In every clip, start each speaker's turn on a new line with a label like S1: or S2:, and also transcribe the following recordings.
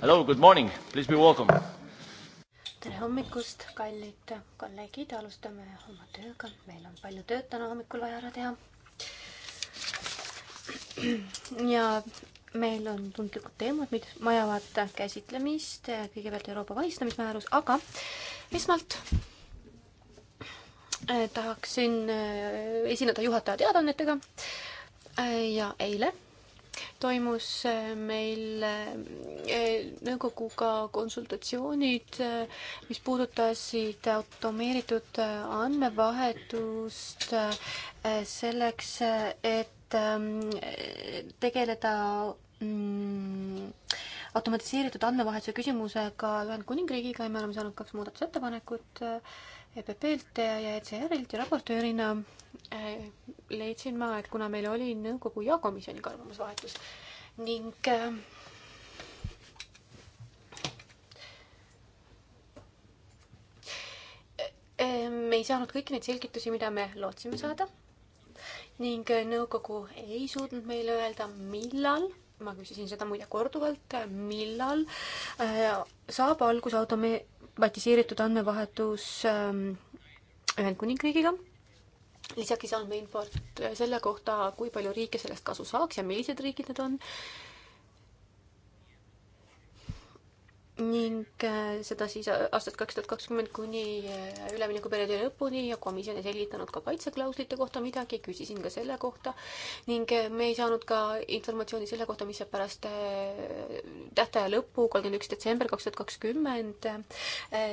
S1: Hello,
S2: good morning, please be welcome.
S3: tere hommikust, kallid kolleegid, alustame oma tööga, meil on palju tööd täna hommikul vaja ära teha. ja meil on tundlikud teemad, mis vajavad käsitlemist, kõigepealt Euroopa vahistamismäärus, aga esmalt eh, tahaksin eh, esineda juhataja teadaannetega Äh, ja eile toimus äh, meil äh, nõukoguga konsultatsioonid, mis puudutasid automeeritud andmevahetust selleks, et ähm, tegeleda mm, automatiseeritud andmevahetuse küsimusega Ühendkuningriigiga ja me oleme saanud kaks muudatusettepanekut äh, EPP-lt ja ECR-ilt ja raportöörina äh, leidsin ma, et kuna meil oli nõukogu ja komisjoniga arvamusvahetus ning äh, äh, me ei saanud kõiki neid selgitusi, mida me lootsime saada ning nõukogu ei suutnud meile öelda, millal ma küsisin seda muide korduvalt, millal saab algus autome-, automatiseeritud andmevahetus ähm, Ühendkuningriigiga lisaks siis andmeinfot äh, selle kohta, kui palju riike sellest kasu saaks ja millised riigid need on. ning äh, seda siis äh, aastast kaks tuhat kakskümmend kuni äh, üleminekuperioodi lõpuni ja komisjon ei selgitanud ka kaitseklauslite kohta midagi, küsisin ka selle kohta ning me ei saanud ka informatsiooni selle kohta, mis saab pärast tähtaja lõppu, kolmkümmend üks detsember kaks tuhat kakskümmend,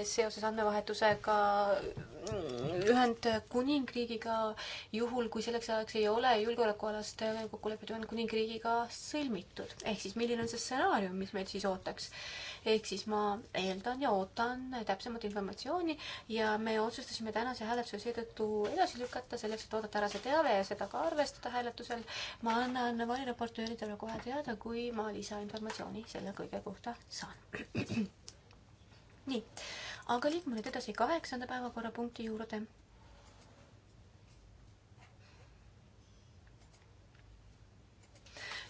S3: seoses andmevahetusega mm, Ühendkuningriigiga, juhul kui selleks ajaks ei ole julgeolekualast kokkulepet Ühendkuningriigiga sõlmitud. ehk siis milline on see stsenaarium, mis meid siis ootaks? ehk siis siis ma eeldan ja ootan täpsemat informatsiooni ja me otsustasime tänase hääletuse seetõttu edasi lükata, selleks et oodata ära see teave ja seda ka arvestada hääletusel. ma annan variraportööridele kohe teada, kui ma lisainformatsiooni selle kõige kohta saan. nii, aga liigume nüüd edasi kaheksanda päevakorrapunkti juurde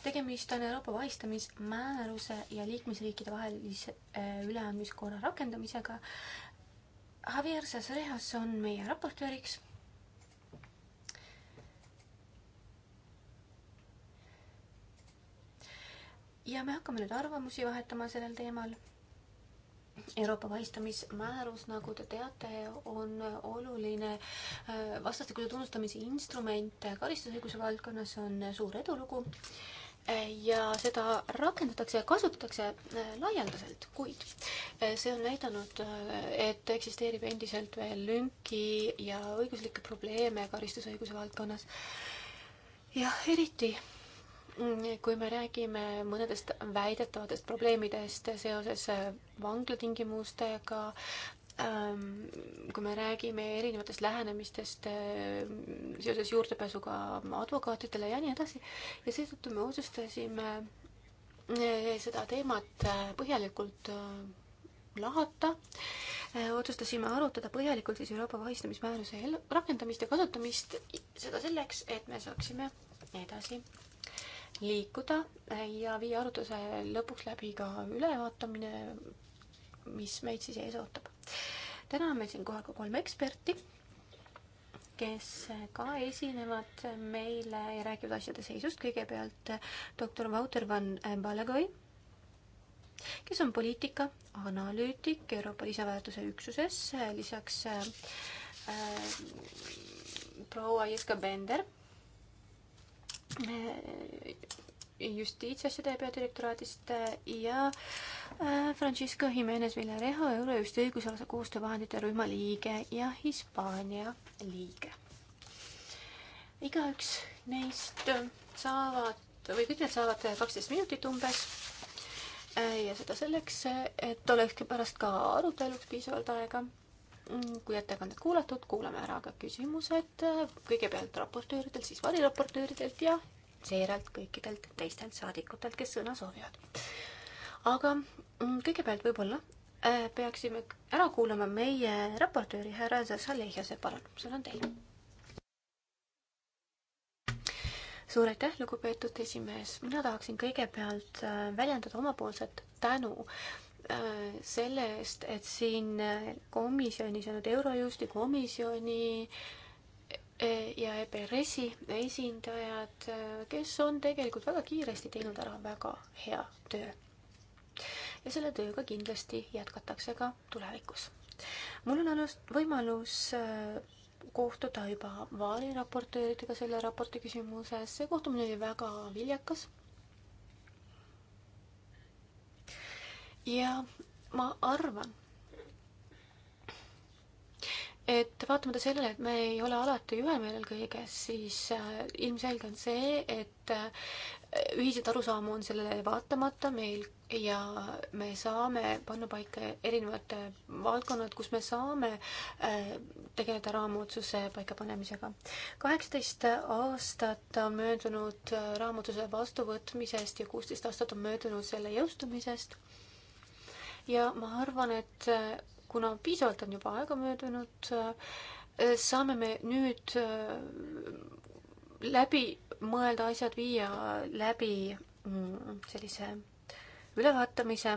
S3: tegemist on Euroopa vahistamismääruse ja liikmesriikide vahelise äh, üleandmiskorra rakendamisega. Javier Sassarehas on meie raportööriks. ja me hakkame nüüd arvamusi vahetama sellel teemal Euroopa vahistamismäärus, nagu te teate, on oluline äh, vastastikuse tunnustamise instrument karistusõiguse valdkonnas, see on suur edulugu ja seda rakendatakse ja kasutatakse äh, laialdaselt, kuid äh, see on näidanud, äh, et eksisteerib endiselt veel lünki ja õiguslikke probleeme karistusõiguse valdkonnas. jah, eriti mm, kui me räägime mõnedest väidetavatest probleemidest seoses vanglatingimustega, Ähm, kui me räägime erinevatest lähenemistest äh, seoses juurdepääsuga advokaatidele ja nii edasi ja seetõttu me otsustasime äh, seda teemat äh, põhjalikult lahata. otsustasime arutada põhjalikult siis Euroopa vahistamismääruse rakendamist ja kasutamist, seda selleks, et me saaksime edasi liikuda ja viia arutluse lõpuks läbi ka ülevaatamine, mis meid siis ees ootab täna on meil siin kohal ka kolm eksperti, kes ka esinevad meile ja räägivad asjade seisust. kõigepealt doktor Wouter van Balagoi, kes on poliitika analüütik Euroopa lisaväärtuse üksuses, lisaks äh, proua Jeska Bender äh, justiitsasjade peadirektoraadist ja äh, Äh, Francisco Jimenez Villarejo, Eurojusti õigusalase koostöövahendite rühma liige ja Hispaania liige. igaüks neist saavad või kõik need saavad kaksteist minutit umbes. Äh, ja seda selleks, et oleks pärast ka aruteluks piisavalt aega. kui ettekanded kuulatud, kuulame ära ka küsimused kõigepealt raportööridelt, siis variraportööridelt ja seejärel kõikidelt teistelt saadikutelt, kes sõna soovivad aga mm, kõigepealt võib-olla äh, peaksime ära kuulama meie raportööri härra Zazalehjase, palun, sõna on teil. suur aitäh, lugupeetud esimees, mina tahaksin kõigepealt äh, väljendada omapoolset tänu äh, selle eest, et siin komisjonis ja nüüd Eurojusti komisjoni ja EBRS-i esindajad, kes on tegelikult väga kiiresti teinud ära väga hea töö ja selle tööga kindlasti jätkatakse ka tulevikus. mul on olnud võimalus äh, kohtuda juba variraportööridega selle raporti küsimuses, see kohtumine oli väga viljakas. ja ma arvan, et vaatamata sellele, et me ei ole alati ühel meelel kõiges, siis äh, ilmselge on see, et äh, ühiseid arusaamu on sellele vaatamata meil ja me saame panna paika erinevad valdkonnad, kus me saame äh, tegeleda raamotsuse paikapanemisega. kaheksateist aastat on möödunud äh, raamotsuse vastuvõtmisest ja kuusteist aastat on möödunud selle jõustumisest. ja ma arvan, et äh, kuna piisavalt on juba aega möödunud, saame me nüüd läbi mõelda asjad, viia läbi mm, sellise ülevaatamise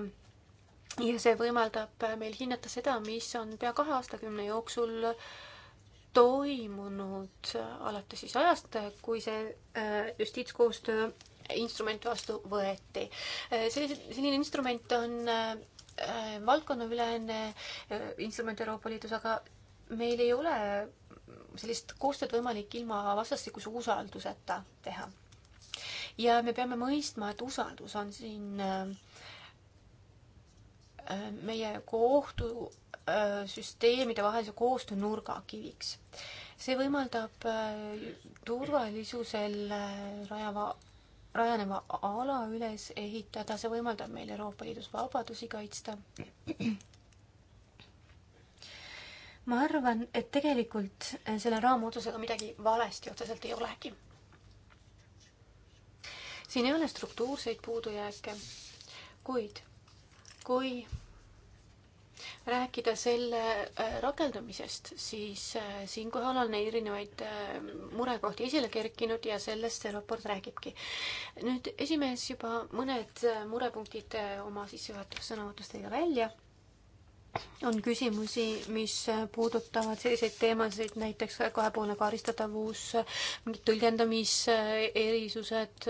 S3: ja see võimaldab meil hinnata seda, mis on pea kahe aastakümne jooksul toimunud alates siis ajast, kui see äh, justiitskoostöö instrument vastu võeti. Äh, sellise, selline instrument on äh, valdkonnaülene instrument Euroopa Liidus, aga meil ei ole sellist koostööd võimalik ilma vastastikuse usalduseta teha. ja me peame mõistma, et usaldus on siin äh, meie kohtusüsteemide äh, vahelise koostöö nurgakiviks. see võimaldab äh, turvalisusel äh, rajava, rajaneva ala üles ehitada, see võimaldab meil Euroopa Liidus vabadusi kaitsta. ma arvan, et tegelikult selle raamotsusega midagi valesti otseselt ei olegi. siin ei ole struktuurseid puudujääke, kuid kui rääkida selle äh, rakendamisest, siis äh, siinkohal on erinevaid äh, murekohti esile kerkinud ja sellest see raport räägibki. nüüd esimees juba mõned murepunktid oma sissejuhatussõnavõtus tõi ka välja. on küsimusi, mis puudutavad selliseid teemasid, näiteks kahepoolne karistatavus, mingid tõlgendamiserisused,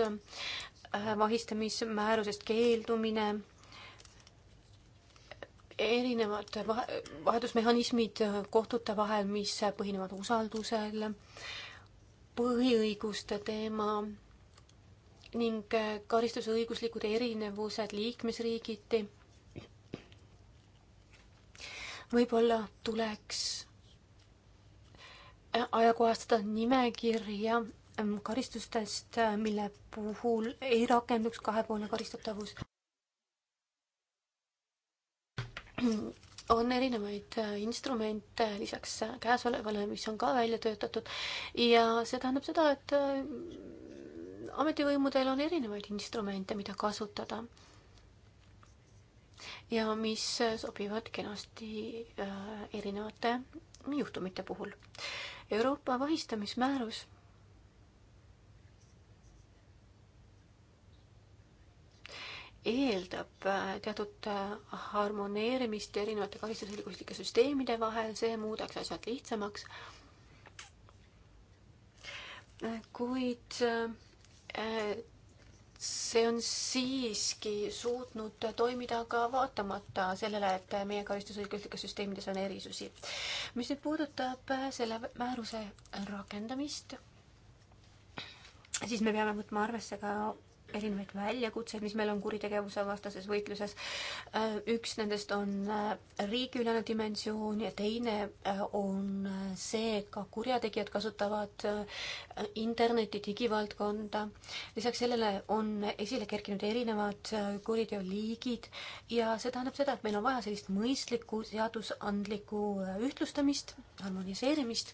S3: vahistamismäärusest keeldumine erinevad vahetusmehhanismid kohtute vahel, mis põhinevad usaldusel, põhiõiguste teema ning karistusõiguslikud erinevused liikmesriigiti. võib-olla tuleks ajakohastada nimekirja karistustest, mille puhul ei rakenduks kahepoolne karistatavus. on erinevaid äh, instrumente lisaks käesolevale, mis on ka välja töötatud ja see tähendab seda, et äh, ametivõimudel on erinevaid instrumente, mida kasutada. ja mis sobivad kenasti äh, erinevate juhtumite puhul. Euroopa vahistamismäärus eeldab äh, teatud äh, harmoneerimist erinevate karistusõiguslike süsteemide vahel, see muudaks asjad lihtsamaks. kuid äh, see on siiski suutnud toimida ka vaatamata sellele, et meie karistusõiguslikes süsteemides on erisusi. mis nüüd puudutab selle määruse rakendamist, siis me peame võtma arvesse ka erinevaid väljakutseid, mis meil on kuritegevuse vastases võitluses. Äh, üks nendest on äh, riigiülene dimensioon ja teine äh, on see, et ka kurjategijad kasutavad interneti digivaldkonda. lisaks sellele on esile kerkinud erinevad kuriteoliigid ja see tähendab seda, et meil on vaja sellist mõistlikku seadusandlikku ühtlustamist, harmoniseerimist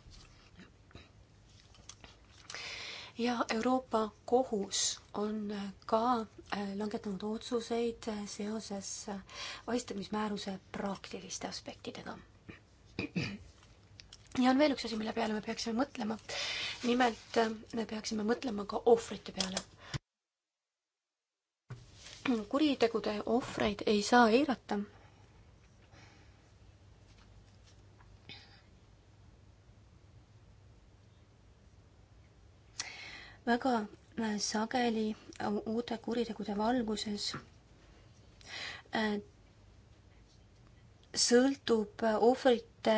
S3: ja Euroopa Kohus on ka äh, langetanud otsuseid äh, seoses äh, ahistamismääruse praktiliste aspektidega. ja on veel üks asi, mille peale me peaksime mõtlema. nimelt me peaksime
S2: mõtlema ka ohvrite peale.
S3: kuritegude ohvreid ei saa eirata väga äh, sageli äh, uute kuritegude valguses äh, sõltub ohvrite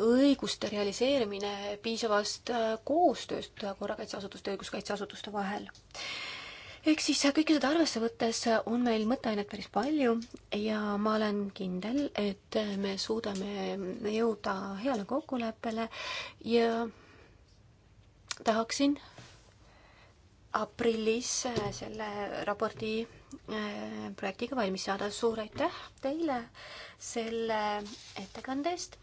S3: õiguste realiseerimine piisavast koostööst korrakaitseasutuste ja õiguskaitseasutuste vahel. ehk siis kõike seda arvesse võttes on meil mõtteainet päris palju ja ma olen kindel, et me suudame jõuda heale kokkuleppele ja tahaksin aprillis äh, selle raporti äh, projektiga valmis saada. suur aitäh teile selle ettekande eest.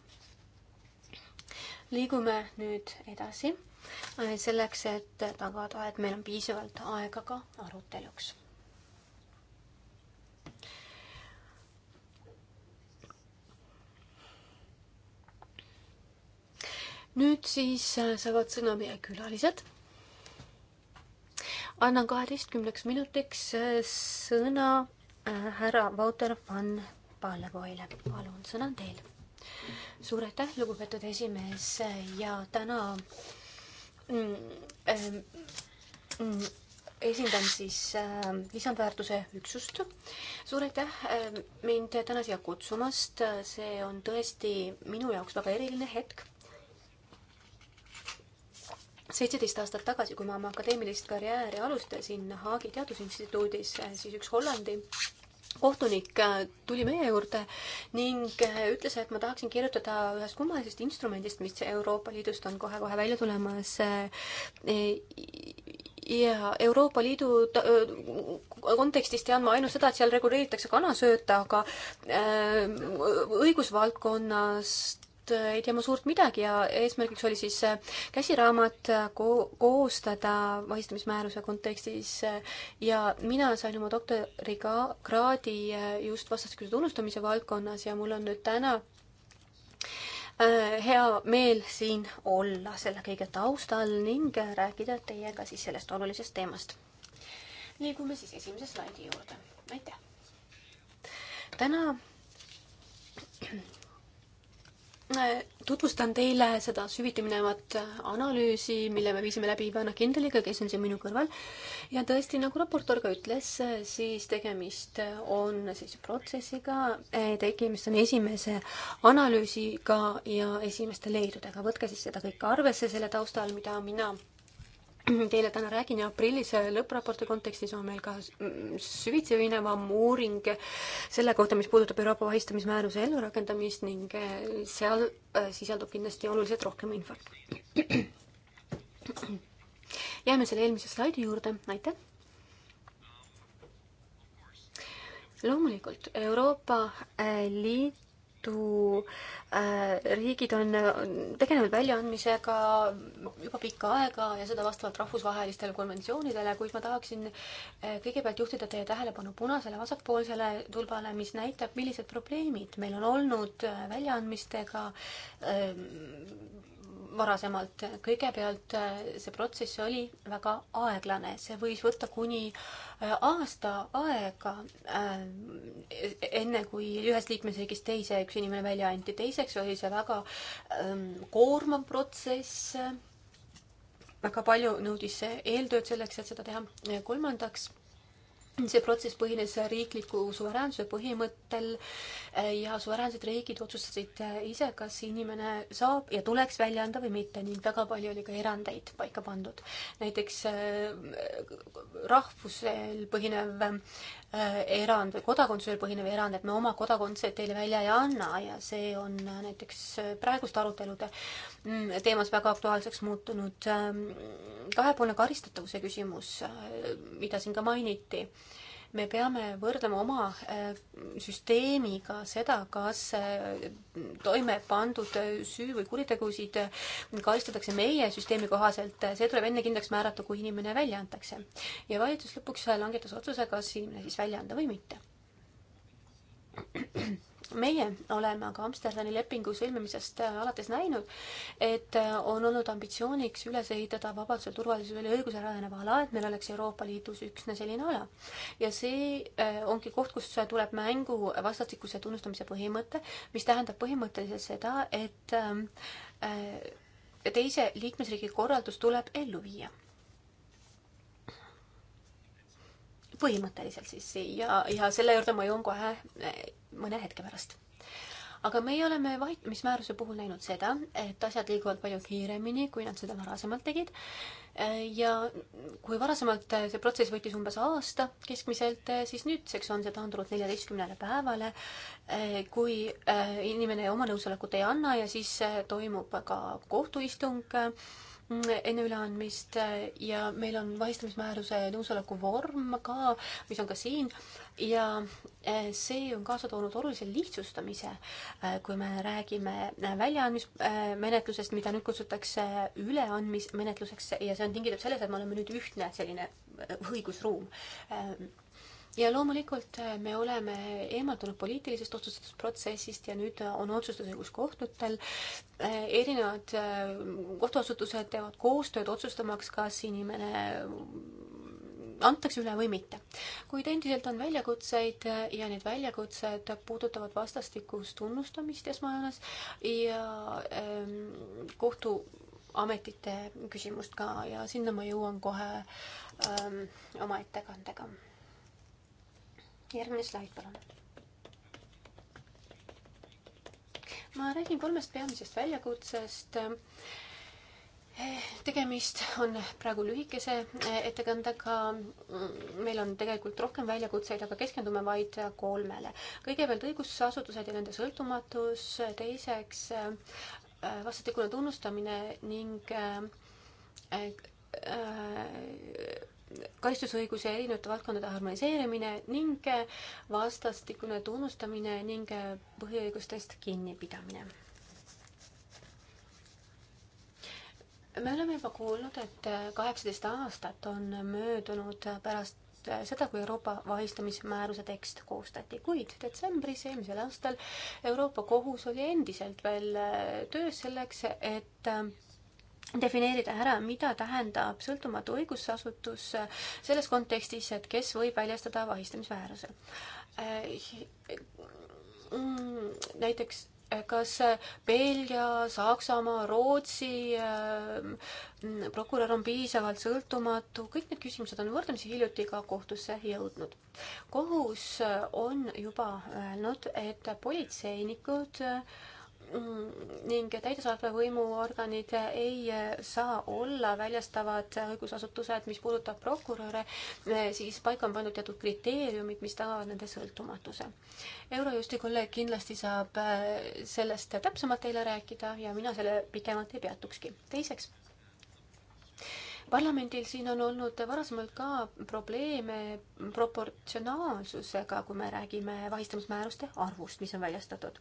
S3: liigume nüüd edasi äh, selleks, et tagada, et meil on piisavalt aega ka aruteluks. nüüd siis saavad sõna meie külalised annan kaheteistkümneks minutiks äh, sõna äh, härra Wouter van Pallevoile. palun, sõna on teil. suur aitäh, lugupeetud esimees ja täna mm, ähm, mm, esindan siis äh, lisandväärtuse üksust. suur aitäh äh, mind täna siia kutsumast, see on tõesti minu jaoks väga eriline hetk seitseteist aastat tagasi, kui ma oma akadeemilist karjääri alustasin Haagi Teadusinstituudis, siis üks Hollandi kohtunik äh, tuli meie juurde ning äh, ütles, et ma tahaksin kirjutada ühest kummalisest instrumendist, mis Euroopa Liidust on kohe-kohe välja tulemas. Äh, e, ja Euroopa Liidu kontekstis tean ma ainult seda, et seal reguleeritakse kanasööta, aga õigusvaldkonnas Äh, ei tea ma suurt midagi ja eesmärgiks oli siis äh, käsiraamat äh, ko koostada vahistamismääruse kontekstis ja mina sain oma doktorikraadi just vastastikuse tunnustamise valdkonnas ja mul on nüüd täna hea meel siin olla selle kõige taustal ning rääkida teiega siis sellest olulisest teemast. liigume siis esimese slaidi juurde. aitäh! täna tutvustan teile seda süviti minevat äh, analüüsi, mille me viisime läbi Ivana Kindeliga, kes on siin minu kõrval. ja tõesti, nagu raportöör ka ütles, äh, siis tegemist äh, on siis protsessiga, tegemist on esimese analüüsiga ja esimeste leidudega. võtke siis seda kõike arvesse selle taustal, mida mina teile täna räägin ja aprillis lõppraporti kontekstis on meil ka mm, süvitsi minevam uuring selle kohta, mis puudutab Euroopa vahistamismääruse ellurakendamist ning eh, seal eh, sisaldub kindlasti oluliselt rohkem infot. jääme selle eelmise slaidi juurde, aitäh. loomulikult Euroopa eh, Liit Liidu äh, riigid on tegelenud väljaandmisega juba pikka aega ja seda vastavalt rahvusvahelistele konventsioonidele, kuid ma tahaksin äh, kõigepealt juhtida teie tähelepanu punasele vasakpoolsele tulbale, mis näitab, millised probleemid meil on olnud äh, väljaandmistega ähm, varasemalt. kõigepealt äh, see protsess oli väga aeglane, see võis võtta kuni äh, aasta aega, äh, enne kui ühest liikmesriigist teise üks inimene välja anti. teiseks oli see väga ähm, koormav protsess, väga palju nõudis eeltööd selleks, et seda teha. kolmandaks see protsess põhines riikliku suveräänsuse põhimõttel eh, ja suveräänsed riigid otsustasid eh, ise, kas inimene saab ja tuleks välja anda või mitte ning väga palju oli ka erandeid paika pandud. näiteks eh, rahvusel põhinev Äh, erand või kodakondsusel põhinev erand, et me oma kodakondset teile välja ei anna ja see on näiteks äh, praeguste arutelude mm, teemas väga aktuaalseks muutunud. Ähm, kahepoolne karistatavuse küsimus, äh, mida siin ka mainiti me peame võrdlema oma äh, süsteemiga seda, kas äh, toime pandud äh, süü- või kuritegusid karistatakse meie süsteemi kohaselt, see tuleb enne kindlaks määrata, kui inimene välja antakse. ja valitsus lõpuks langetas otsuse, kas inimene siis välja anda või mitte meie oleme aga Amsterdami lepingu sõlmimisest äh, alates näinud, et äh, on olnud ambitsiooniks üles ehitada vabadusel, turvalisusel ja õigusel rajaneva ala, et meil oleks Euroopa Liidus üksne selline ala. ja see äh, ongi koht, kus tuleb mängu vastastikuse tunnustamise põhimõte, mis tähendab põhimõtteliselt seda, et ähm, teise liikmesriigi korraldus tuleb ellu viia põhimõtteliselt siis ja, ja selle juurde ma jõuan kohe eh, mõne hetke pärast. aga meie oleme vaikimismääruse puhul näinud seda, et asjad liiguvad palju kiiremini, kui nad seda varasemalt tegid. Eh, ja kui varasemalt eh, see protsess võttis umbes aasta keskmiselt, siis nüüdseks on see taandunud neljateistkümnele päevale. kui inimene oma nõusolekut ei anna ja siis toimub ka kohtuistung enne üleandmist äh, ja meil on vahistamismääruse nõusoleku vorm ka, mis on ka siin ja äh, see on kaasa toonud olulise lihtsustamise, äh, kui me räägime väljaandmismenetlusest, mida nüüd kutsutakse üleandmismenetluseks ja see on tingitud selles, et me oleme nüüd ühtne selline õigusruum ja loomulikult äh, me oleme eemaldunud poliitilisest otsustusprotsessist ja nüüd äh, on otsustusõigus kohtutel. Äh, erinevad kohtuasutused teevad koostööd otsustamaks, kas inimene antakse üle või mitte. kuid endiselt on väljakutseid ja need väljakutsed puudutavad vastastikust tunnustamist esmajoones ja ähm, kohtuametite küsimust ka ja sinna ma jõuan kohe ähm, oma ettekandega järgmine slaid, palun. ma räägin kolmest peamisest väljakutsest tegemist on praegu lühikese eh, ettekandega. meil on tegelikult rohkem väljakutseid, aga keskendume vaid kolmele. kõigepealt õigusasutused ja nende sõltumatus, teiseks eh, vastastikune tunnustamine ning eh, karistusõiguse erinevate valdkondade harmoniseerimine ning äh, vastastikune tunnustamine ning äh, põhiõigustest kinnipidamine. me oleme juba kuulnud, et äh, kaheksateist aastat on möödunud pärast seda, kui Euroopa vahistamismääruse tekst koostati, kuid detsembris eelmisel aastal Euroopa Kohus oli endiselt veel töös selleks, et defineerida ära, mida tähendab sõltumatu õigusasutus selles kontekstis, et kes võib väljastada vahistamismääruse. Mm, näiteks kas Belgia, Saksamaa, Rootsi mm, prokurör on piisavalt sõltumatu, kõik need küsimused on võrdlemisi hiljuti ka kohtusse jõudnud. kohus on juba öelnud, et politseinikud äh, Mm, ning täidesaatva võimuorganid ei saa olla väljastavad õigusasutused, mis puudutab prokuröre, siis paika on pandud teatud kriteeriumid, mis tagavad nende sõltumatuse. Eurojusti kolleeg kindlasti saab sellest täpsemalt teile rääkida ja mina selle pikemalt ei peatukski. teiseks parlamendil siin on olnud varasemalt ka probleeme proportsionaalsusega, kui me räägime vahistamismääruste arvust, mis on väljastatud.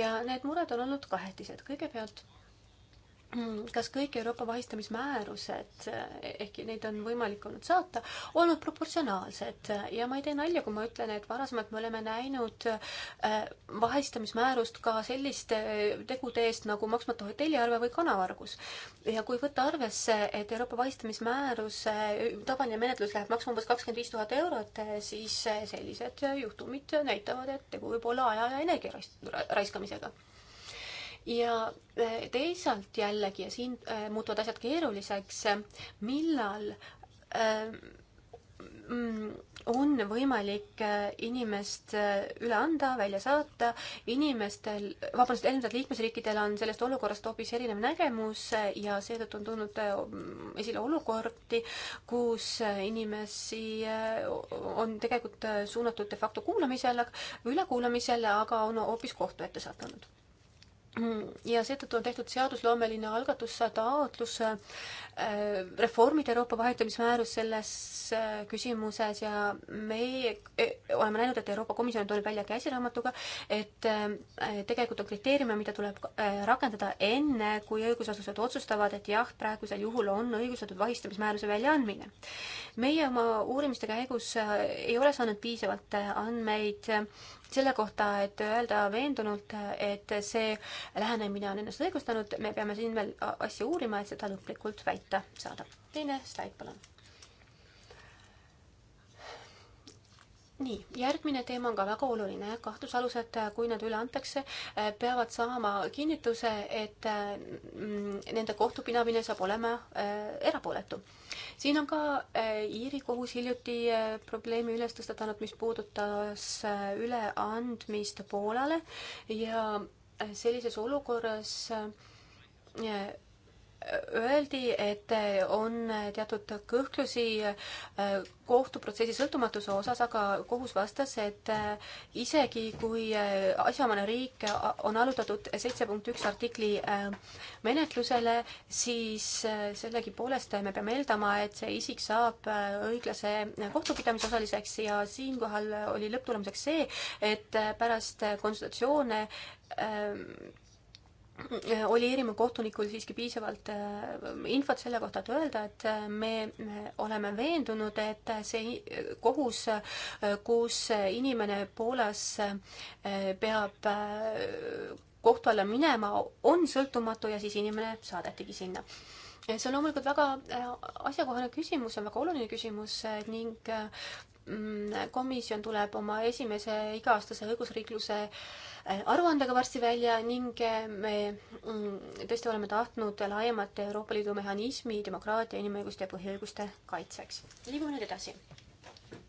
S3: ja need mured on olnud kahetised. kõigepealt kas kõik Euroopa vahistamismäärused, ehkki neid on võimalik olnud saata, olnud proportsionaalsed ja ma ei tee nalja, kui ma ütlen, et varasemalt me oleme näinud äh, vahistamismäärust ka selliste äh, tegude eest nagu maksmata hotelliarve või kanavargus. ja kui võtta arvesse, et Euroopa vahistamismääruse äh, tavaline menetlus läheb maksma umbes kakskümmend viis tuhat eurot, siis sellised juhtumid näitavad, et tegu võib olla aja ja energia raiskamisega ja e, teisalt jällegi, ja siin e, muutuvad asjad keeruliseks, e, millal mm, on võimalik inimest üle anda, välja saata, inimestel, vabandust, erinevatel liikmesriikidel on sellest olukorrast hoopis erinev nägemus ja seetõttu on tulnud esile olukordi, kus inimesi on tegelikult suunatud de facto kuulamisele, ülekuulamisele, aga on hoopis kohtu ette sattunud ja seetõttu on tehtud seadusloomeline algatus taotlus äh, reformida Euroopa vahetamismäärus selles äh, küsimuses ja meie e, oleme näinud, et Euroopa Komisjon tuleb välja käsiraamatuga, et äh, tegelikult on kriteeriume, mida tuleb rakendada enne, kui õigusasutused otsustavad, et jah, praegusel juhul on õigustatud vahistamismääruse väljaandmine. meie oma uurimiste käigus ei ole saanud piisavalt andmeid selle kohta, et öelda veendunult, et see lähenemine on ennast õigustanud, me peame siin veel asju uurima, et seda lõplikult väita saada. teine slaid, palun. nii, järgmine teema on ka väga oluline, kahtlusalused, kui nad üle antakse, eh, peavad saama kinnituse, et mm, nende kohtupidamine saab olema eh, erapooletu siin on ka äh, Iiri kohus hiljuti äh, probleemi üles tõstatanud, mis puudutas äh, üleandmist Poolale ja sellises olukorras öeldi, et on teatud kõhklusi äh, kohtuprotsessi sõltumatuse osas, aga kohus vastas, et äh, isegi kui äh, asjaomane riik on allutatud seitse punkt üks artikli menetlusele, siis sellegipoolest me peame eeldama, et see isik saab õiglase kohtupidamise osaliseks ja siinkohal oli lõpptulemuseks see, et pärast konsultatsioone oli Iirimaa kohtunikul siiski piisavalt äh, infot selle kohta, et öelda, et äh, me oleme veendunud, et see kohus, äh, kus inimene Poolas peab kohtu alla minema, on sõltumatu ja siis inimene saadetigi sinna. see on loomulikult väga asjakohane küsimus, see on väga oluline küsimus ning Mm, komisjon tuleb oma esimese iga-aastase õigusriikluse äh, aruandega varsti välja ning äh, me mm, tõesti oleme tahtnud laiemat Euroopa Liidu mehhanismi demokraatia, inimõiguste ja põhiõiguste kaitseks. liigume nüüd edasi.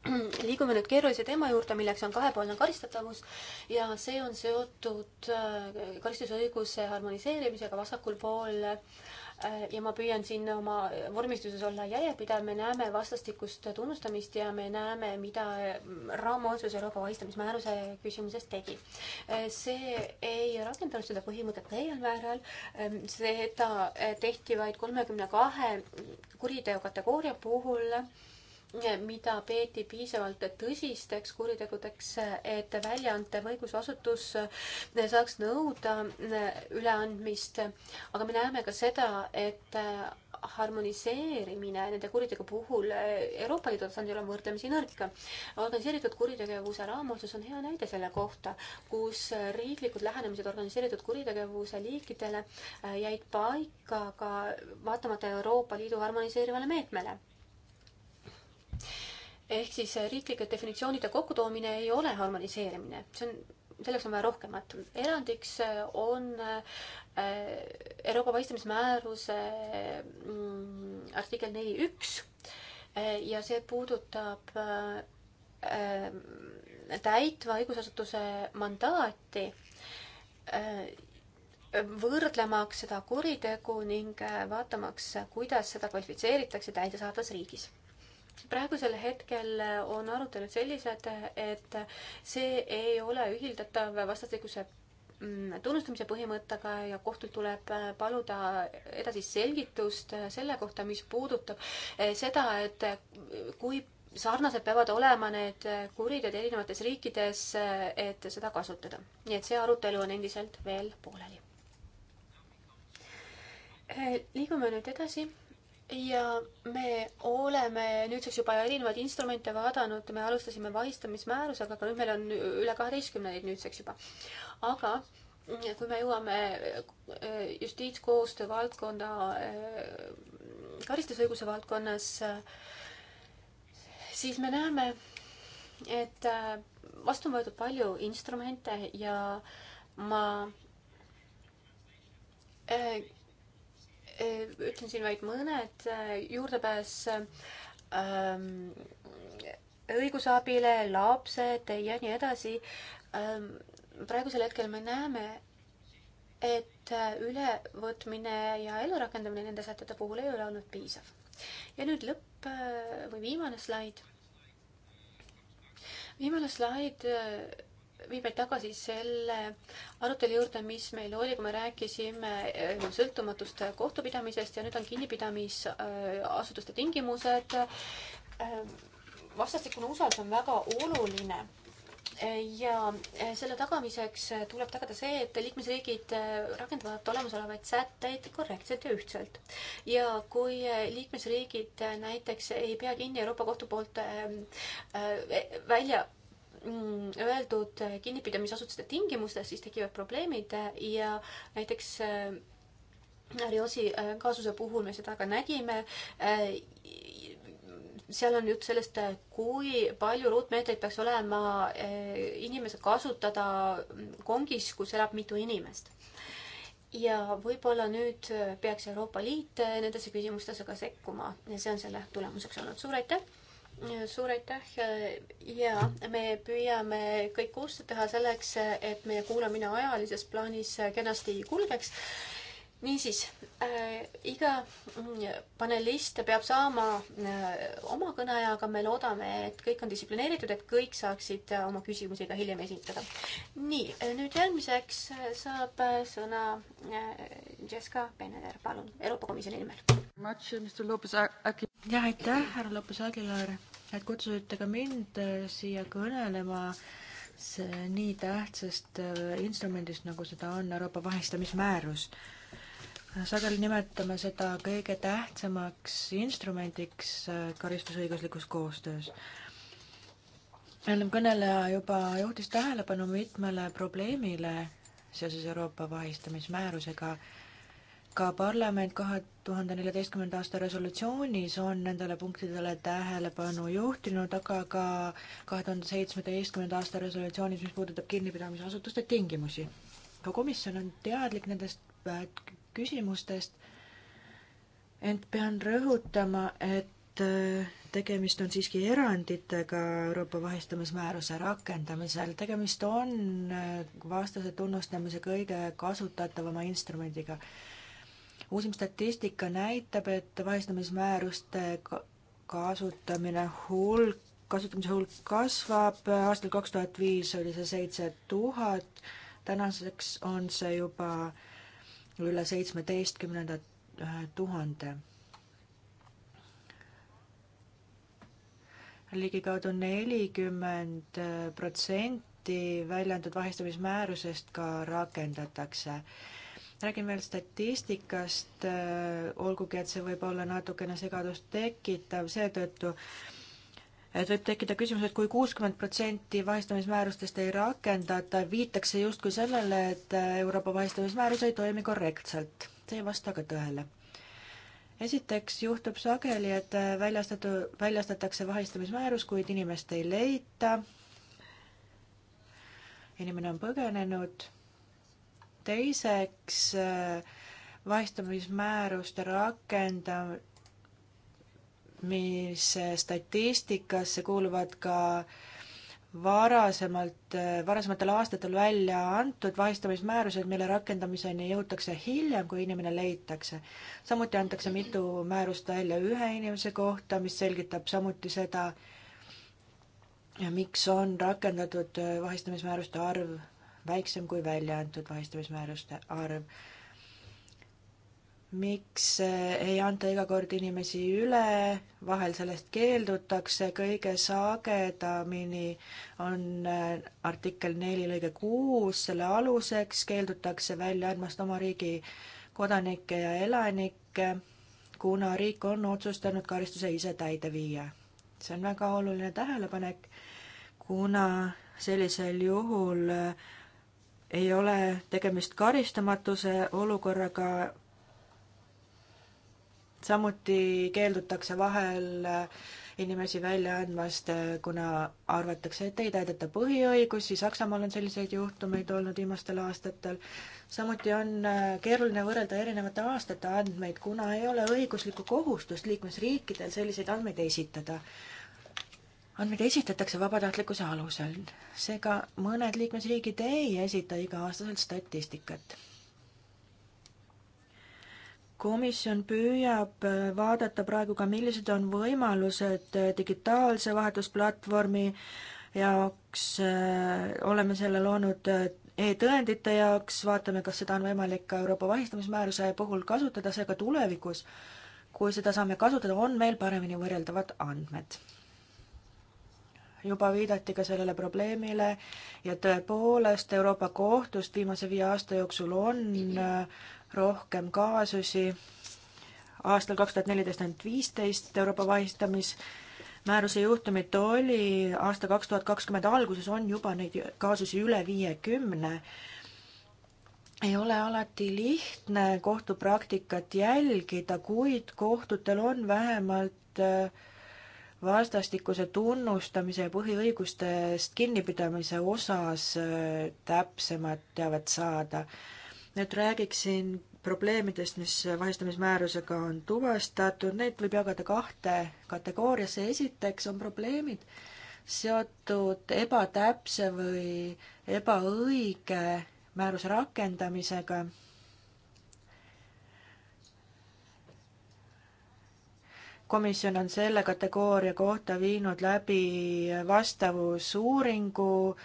S3: liigume nüüd keerulise teema juurde, milleks on kahepoolne karistatavus ja see on seotud äh, karistusõiguse harmoniseerimisega vasakul pool äh, Äh, ja ma püüan siin oma vormistuses olla järjepidev, me näeme vastastikust tunnustamist ja me näeme, mida mm, Raamo otsus Euroopa vahistamismääruse küsimuses tegi. Äh, see ei rakendanud seda põhimõtet täiel määral, ähm, seda äh, tehti vaid kolmekümne kahe kuriteo kategooria puhul mida peeti piisavalt tõsisteks kuritegudeks, et väljaantev õigusasutus saaks nõuda üleandmist. aga me näeme ka seda, et harmoniseerimine nende kuriteo puhul Euroopa Liidu tasandil on võrdlemisi nõrk. organiseeritud kuritegevuse raamotsus on hea näide selle kohta, kus riiklikud lähenemised organiseeritud kuritegevuse liikidele jäid paika ka vaatamata Euroopa Liidu harmoniseerivale meetmele ehk siis äh, riiklike definitsioonide kokkutoomine ei ole harmoniseerimine, see on, selleks on vaja rohkemat. erandiks äh, on äh, Euroopa paistamismääruse mm, artikkel neli üks ja see puudutab täitva õigusasutuse mandaati võrdlemaks seda kuritegu ning vaatamaks, kuidas seda kvalifitseeritakse täidesaatvas riigis praegusel hetkel on arutelud sellised, et see ei ole ühildatav vastastikuse mm, tunnustamise põhimõttega ja kohtult tuleb äh, paluda edasist selgitust äh, selle kohta, mis puudutab äh, seda, et kui sarnased peavad olema need kuriteod erinevates riikides, et seda kasutada. nii et see arutelu on endiselt veel pooleli. liigume nüüd edasi ja me oleme nüüdseks juba erinevaid instrumente vaadanud, me alustasime vahistamismäärusega, aga nüüd meil on üle kaheteistkümne neid nüüdseks juba. aga mm, kui me jõuame äh, justiitskoostöö valdkonda, äh, karistusõiguse valdkonnas, äh, siis me näeme, et vastu on võetud palju instrumente ja ma Äh, ütlen siin vaid mõned, äh, juurdepääs ähm, õigusabile, lapsed ja nii edasi ähm,. praegusel hetkel me näeme, et äh, ülevõtmine ja ellurakendamine nende sätete puhul ei ole olnud piisav. ja nüüd lõpp või viimane slaid. viimane slaid viib meid tagasi selle arutelu juurde, mis meil oli, kui me rääkisime äh, sõltumatust kohtupidamisest ja nüüd on kinnipidamisasutuste tingimused. Äh, vastastikune usaldus on väga oluline ja äh, selle tagamiseks tuleb tagada see, et liikmesriigid rakendavad olemasolevaid sätteid korrektselt ja ühtselt. ja kui liikmesriigid näiteks ei pea kinni Euroopa Kohtu poolt välja Mm, öeldud kinnipidamisasutuste tingimustes, siis tekivad probleemid ja näiteks äh, Riosi äh, kaasuse puhul me seda ka nägime äh, seal on jutt sellest, kui palju ruutmeetreid peaks olema inimese kasutada kongis, kus elab mitu inimest. ja võib-olla nüüd peaks Euroopa Liit nendesse küsimustesse ka sekkuma ja see on selle tulemuseks olnud. suur aitäh! suur aitäh ja me püüame kõik koostööd teha selleks, et meie kuulamine ajalises plaanis kenasti kulgeks. niisiis äh,, iga mm, panelist peab saama äh, oma kõneajaga, me loodame, et kõik on distsiplineeritud, et kõik saaksid äh, oma küsimusi
S1: ka hiljem esitada.
S3: nii, äh, nüüd järgmiseks äh, saab äh, sõna äh, Jessica Beneder, palun, Euroopa Komisjoni nimel
S1: Uh, jah, aitäh, härra Lopez-Aguilar, et kutsusite ka mind äh, siia kõnelema see nii tähtsast äh, instrumendist, nagu seda on Euroopa vahistamismäärus. sageli nimetame seda kõige tähtsamaks instrumendiks äh, karistusõiguslikus koostöös. ennem kõneleja juba juhtis tähelepanu mitmele probleemile seoses Euroopa vahistamismäärusega ka parlament kahe tuhande neljateistkümnenda aasta resolutsioonis on nendele punktidele tähelepanu juhtinud, aga ka kahe tuhande seitsmeteistkümnenda aasta resolutsioonis, mis puudutab kinnipidamisasutuste tingimusi. ka komisjon on teadlik nendest küsimustest, ent pean rõhutama, et äh, tegemist on siiski eranditega Euroopa vahistamismääruse rakendamisel. tegemist on äh, vastase tunnustamise kõige kasutatavama instrumendiga uusim statistika näitab, et vahistamismääruste kasutamine hulk, kasutamise hulk kasvab, aastal kaks tuhat viis oli see seitse tuhat, tänaseks on see juba üle seitsmeteistkümnenda äh, tuhande ligikaudu nelikümmend äh, protsenti väljendatud vahistamismäärusest ka rakendatakse räägin veel statistikast, äh, olgugi et see võib olla natukene segadust tekitav seetõttu, et võib tekkida küsimus, et kui kuuskümmend protsenti vahistamismäärustest ei rakendata, viitakse justkui sellele, et äh, Euroopa vahistamismäärus ei toimi korrektselt. see ei vasta ka tõele. esiteks juhtub sageli, et äh, väljastatu, väljastatakse vahistamismäärus, kuid inimest ei leita, inimene on põgenenud teiseks, äh, vahistamismääruste rakendamise statistikasse kuuluvad ka varasemalt, äh, varasematel aastatel välja antud vahistamismäärused, mille rakendamiseni jõutakse hiljem, kui inimene leitakse. samuti antakse mitu määrust välja ühe inimese kohta, mis selgitab samuti seda, miks on rakendatud äh, vahistamismääruste arv väiksem kui välja antud vahistamismääruste arv. miks eh, ei anta iga kord inimesi üle, vahel sellest keeldutakse, kõige sagedamini on eh, artikkel neli lõige kuus, selle aluseks keeldutakse välja andmast oma riigi kodanikke ja elanikke, kuna riik on otsustanud karistuse ise täide viia. see on väga oluline tähelepanek, kuna sellisel juhul eh, ei ole tegemist karistamatuse olukorraga. samuti keeldutakse vahel inimesi välja andmast, kuna arvatakse, et ei täideta põhiõigusi, Saksamaal on selliseid juhtumeid olnud viimastel aastatel. samuti on äh, keeruline võrrelda erinevate aastate andmeid, kuna ei ole õiguslikku kohustust liikmesriikidel selliseid andmeid esitada andmeid esitatakse vabatahtlikkuse alusel, seega mõned liikmesriigid ei esita iga-aastaselt statistikat. komisjon püüab äh, vaadata praegu ka, millised on võimalused äh, digitaalse vahetusplatvormi jaoks, äh, oleme selle loonud e-tõendite jaoks, vaatame, kas seda on võimalik ka Euroopa vahistamismääruse puhul kasutada, seega tulevikus, kui seda saame kasutada, on meil paremini võrreldavad andmed juba viidati ka sellele probleemile ja tõepoolest Euroopa Kohtust viimase viie aasta jooksul on äh, rohkem kaasusi. aastal kaks tuhat neliteist ainult viisteist Euroopa vahistamismääruse juhtumit oli, aasta kaks tuhat kakskümmend alguses on juba neid kaasusi üle viiekümne ei ole alati lihtne kohtupraktikat jälgida, kuid kohtutel on vähemalt äh, vastastikuse tunnustamise ja põhiõigustest kinnipidamise osas äh, täpsemat teavet saada. nüüd räägiksin probleemidest, mis vahistamismäärusega on tuvastatud, neid võib jagada kahte kategooriasse, esiteks on probleemid seotud ebatäpse või ebaõige määruse rakendamisega komisjon on selle kategooria kohta viinud läbi vastavusuuringu,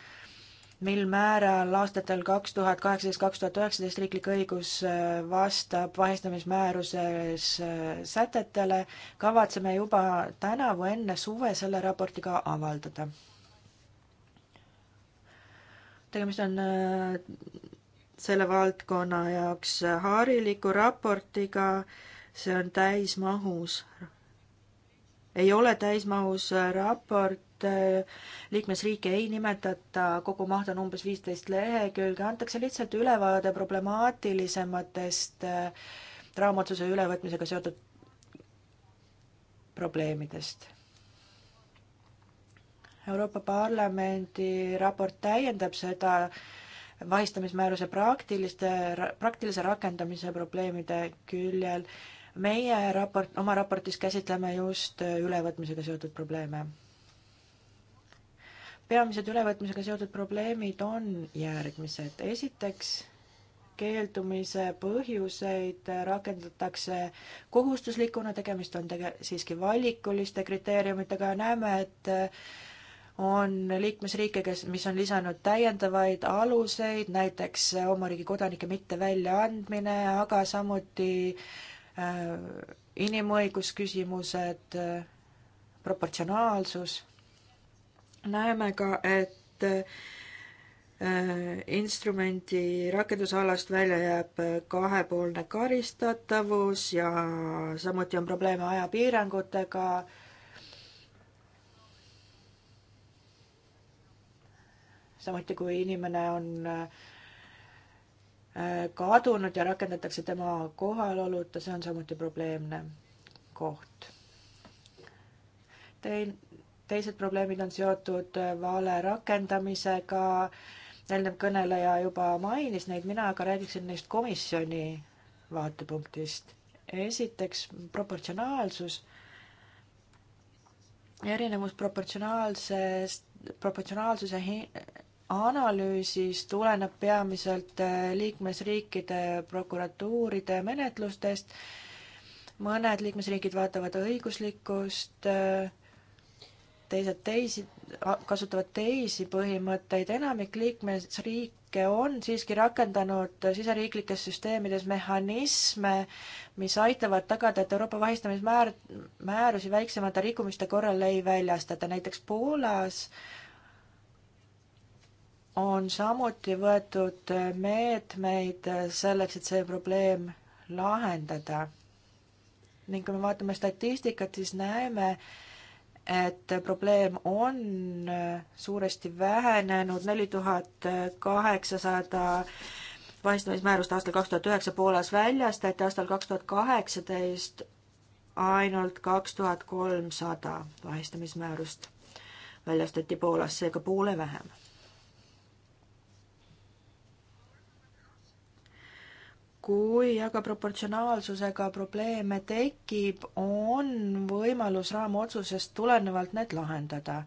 S1: mil määral aastatel kaks tuhat kaheksateist, kaks tuhat üheksateist riiklik õigus äh, vastab vahistamismääruses äh, sätetele, kavatseme juba tänavu enne suve selle raporti ka avaldada. tegemist on äh, selle valdkonna jaoks hariliku raportiga, see on täismahus ei ole täismahus raport, äh, liikmesriike ei nimetata, kogumaht on umbes viisteist lehekülge, antakse lihtsalt ülevaade problemaatilisematest äh, raamatsuse ülevõtmisega seotud probleemidest. Euroopa Parlamendi raport täiendab seda vahistamismääruse praktiliste, praktilise rakendamise probleemide küljel meie raport, oma raportis käsitleme just ülevõtmisega seotud probleeme. peamised ülevõtmisega seotud probleemid on järgmised. esiteks, keeldumise põhjuseid rakendatakse kohustuslikuna, tegemist on tege-, siiski valikuliste kriteeriumitega ja näeme, et on liikmesriike, kes, mis on lisanud täiendavaid aluseid, näiteks oma riigi kodanike mitte väljaandmine, aga samuti Äh, inimõigusküsimused, äh, proportsionaalsus. näeme ka, et äh, instrumendi rakendusalast välja jääb kahepoolne karistatavus ja samuti on probleeme ajapiirangutega samuti kui inimene on kadunud ja rakendatakse tema kohaloluta, see on samuti probleemne koht. Tei-, teised probleemid on seotud vale rakendamisega, eelnev kõneleja juba mainis neid, mina aga räägiksin neist komisjoni vaatepunktist. esiteks proportsionaalsus, erinevus proportsionaalsest, proportsionaalsuse hi-, analüüsis tuleneb peamiselt äh, liikmesriikide prokuratuuride menetlustest. mõned liikmesriigid vaatavad õiguslikkust, äh, teised teisi, kasutavad teisi põhimõtteid, enamik liikmesriike on siiski rakendanud siseriiklikes süsteemides mehhanisme, mis aitavad tagada, et Euroopa vahistamismäär, määrusi väiksemate rikkumiste korral ei väljastata, näiteks Poolas äh, on samuti võetud meetmeid selleks, et see probleem lahendada. ning kui me vaatame statistikat, siis näeme, et probleem on suuresti vähenenud, neli tuhat kaheksasada vahistamismäärust aastal kaks tuhat üheksa Poolas väljastati, aastal kaks tuhat kaheksateist ainult kaks tuhat kolmsada vahistamismäärust väljastati Poolas, seega poole vähem kui aga proportsionaalsusega probleeme tekib, on võimalus raamotsusest tulenevalt need lahendada.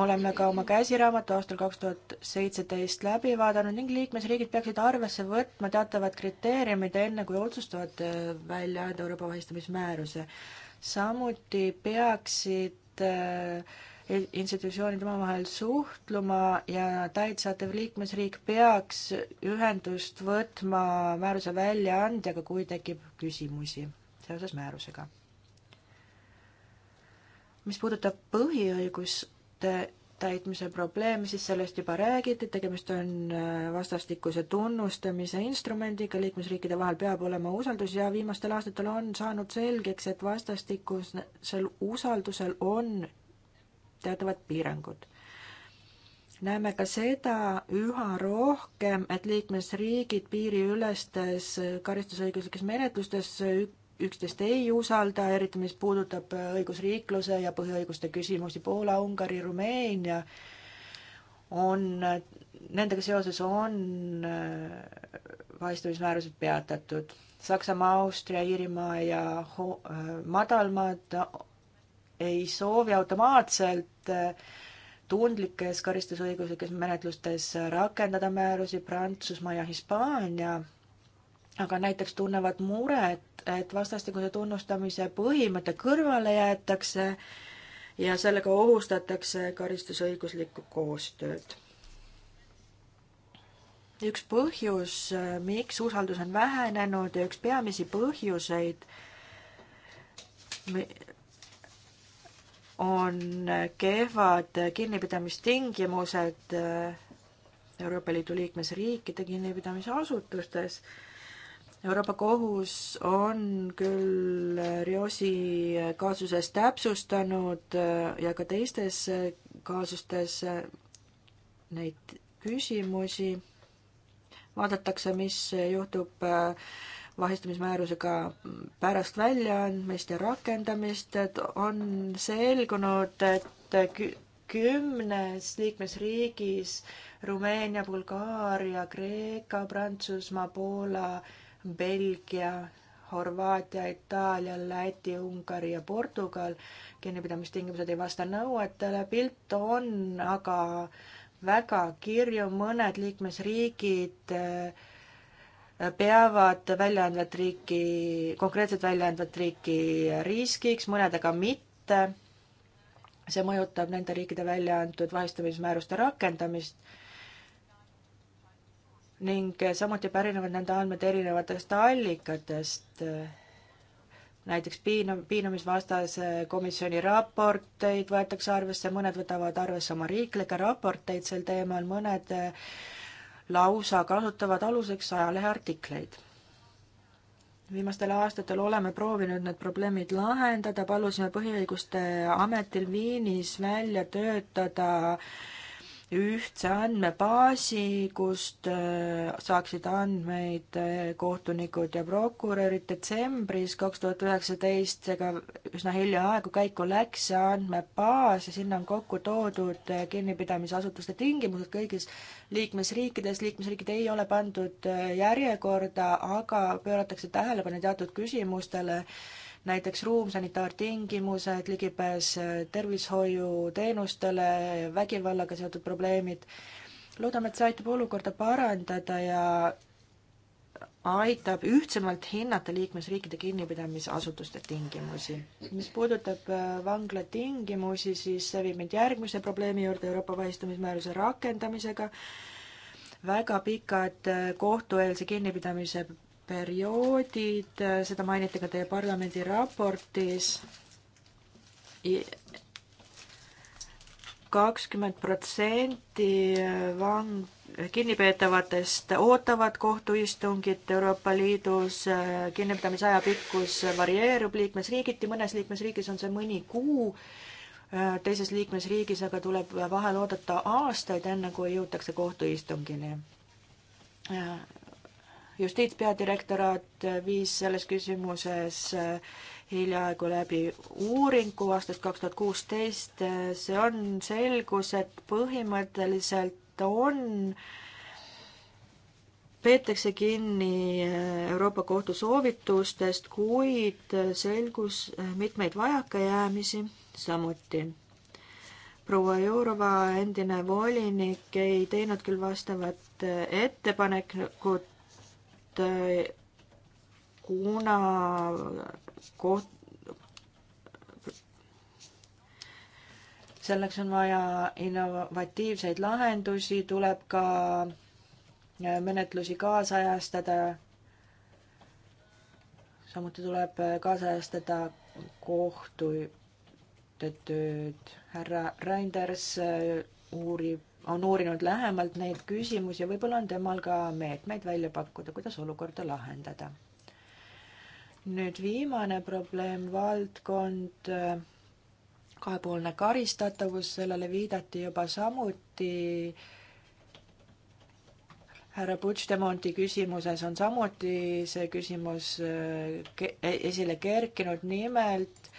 S1: oleme ka oma käsiraamatu aastal kaks tuhat seitseteist läbi vaadanud ning liikmesriigid peaksid arvesse võtma teatavad kriteeriumid, enne kui otsustavad äh, välja anda Euroopa vahistamismääruse. samuti peaksid äh, institutsioonid omavahel suhtluma ja täitsaatev liikmesriik peaks ühendust võtma määruse väljaandjaga, kui tekib küsimusi seoses määrusega. mis puudutab põhiõiguste täitmise probleemi, siis sellest juba räägiti, tegemist on äh, vastastikuse tunnustamise instrumendiga, liikmesriikide vahel peab olema usaldus ja viimastel aastatel on saanud selgeks, et vastastikusel usaldusel on teatavad piirangud. näeme ka seda üha rohkem, et liikmesriigid piiriülestes karistusõiguslikes menetlustes üksteist ei usalda, eriti mis puudutab õigusriikluse ja põhiõiguste küsimusi. Poola, Ungari, Rumeenia on, nendega seoses on äh, vahistamismäärused peatatud. Saksamaa, Austria, Iirimaa ja äh, Madalmaad ei soovi automaatselt Äh, tundlikes karistusõiguslikes menetlustes rakendada määrusi Prantsusmaa ja Hispaania, aga näiteks tunnevad muret, et vastastikuse tunnustamise põhimõte kõrvale jäetakse ja sellega ohustatakse karistusõiguslikku koostööd. üks põhjus, miks usaldus on vähenenud ja üks peamisi põhjuseid, on kehvad kinnipidamistingimused äh, Euroopa Liidu liikmesriikide kinnipidamisasutustes. Euroopa Kohus on küll Riosi kaasuses täpsustanud äh, ja ka teistes äh, kaasustes neid küsimusi. vaadatakse, mis juhtub äh, vahistamismäärusega pärast väljaandmist ja rakendamist, et on selgunud, et kümnes liikmesriigis Rumeenia, Bulgaaria, Kreeka, Prantsusmaa, Poola, Belgia, Horvaatia, Itaalia, Läti, Ungari ja Portugal kinnipidamistingimused ei vasta nõuetele, pilt on aga väga kirju, mõned liikmesriigid äh, peavad väljaandvat riiki, konkreetset väljaandvat riiki riskiks, mõnedega mitte. see mõjutab nende riikide välja antud vahistamismääruste rakendamist ning samuti pärinevad nende andmed erinevatest allikatest, näiteks piinam-, piinamisvastase komisjoni raporteid võetakse arvesse, mõned võtavad arvesse oma riiklikke raporteid sel teemal, mõned lausa kasutavad aluseks ajaleheartikleid. viimastel aastatel oleme proovinud need probleemid lahendada, palusime Põhiõiguste Ametil Viinis välja töötada äh, ühtse andmebaasi, kust äh, saaksid andmeid äh, kohtunikud ja prokurörid detsembris kaks tuhat üheksateist, seega üsna hiljaaegu käiku läks see andmebaas ja sinna on kokku toodud äh, kinnipidamisasutuste tingimused kõigis liikmesriikides, liikmesriigid ei ole pandud järjekorda, aga pööratakse tähelepanu teatud küsimustele näiteks ruum, sanitaartingimused, ligipääs äh, tervishoiuteenustele, vägivallaga seotud probleemid. loodame, et see aitab olukorda parandada ja aitab ühtsemalt hinnata liikmesriikide kinnipidamisasutuste tingimusi. mis puudutab äh, vangla tingimusi, siis see viib mind järgmise probleemi juurde Euroopa vahistamismääruse rakendamisega. väga pikad äh, kohtueelse kinnipidamise perioodid, seda mainiti ka teie parlamendi raportis, kakskümmend protsenti vang, kinnipeetavatest ootavad kohtuistungit Euroopa Liidus, kinnipidamise aja pikkus varieerub liikmesriigiti, mõnes liikmesriigis on see mõni kuu, teises liikmesriigis aga tuleb vahel oodata aastaid, enne kui jõutakse kohtuistungini justiitspeadirektoraat viis selles küsimuses hiljaaegu läbi uuringu aastast kaks tuhat kuusteist. see on selgus, et põhimõtteliselt on, peetakse kinni Euroopa Kohtu soovitustest, kuid selgus mitmeid vajakajäämisi samuti proua Jourova endine volinik ei teinud küll vastavat ettepanekut Eh, kuna koht-, selleks on vaja innovatiivseid lahendusi, tuleb ka eh, menetlusi kaasajastada. samuti tuleb eh, kaasajastada kohtute tööd. härra Reinders uurib on uurinud lähemalt neid küsimusi ja võib-olla on temal ka meetmeid välja pakkuda, kuidas olukorda lahendada. nüüd viimane probleemvaldkond, äh, kahepoolne karistatavus, sellele viidati juba samuti härra Puigdemonti küsimuses on samuti see küsimus äh, e-, esile kerkinud, nimelt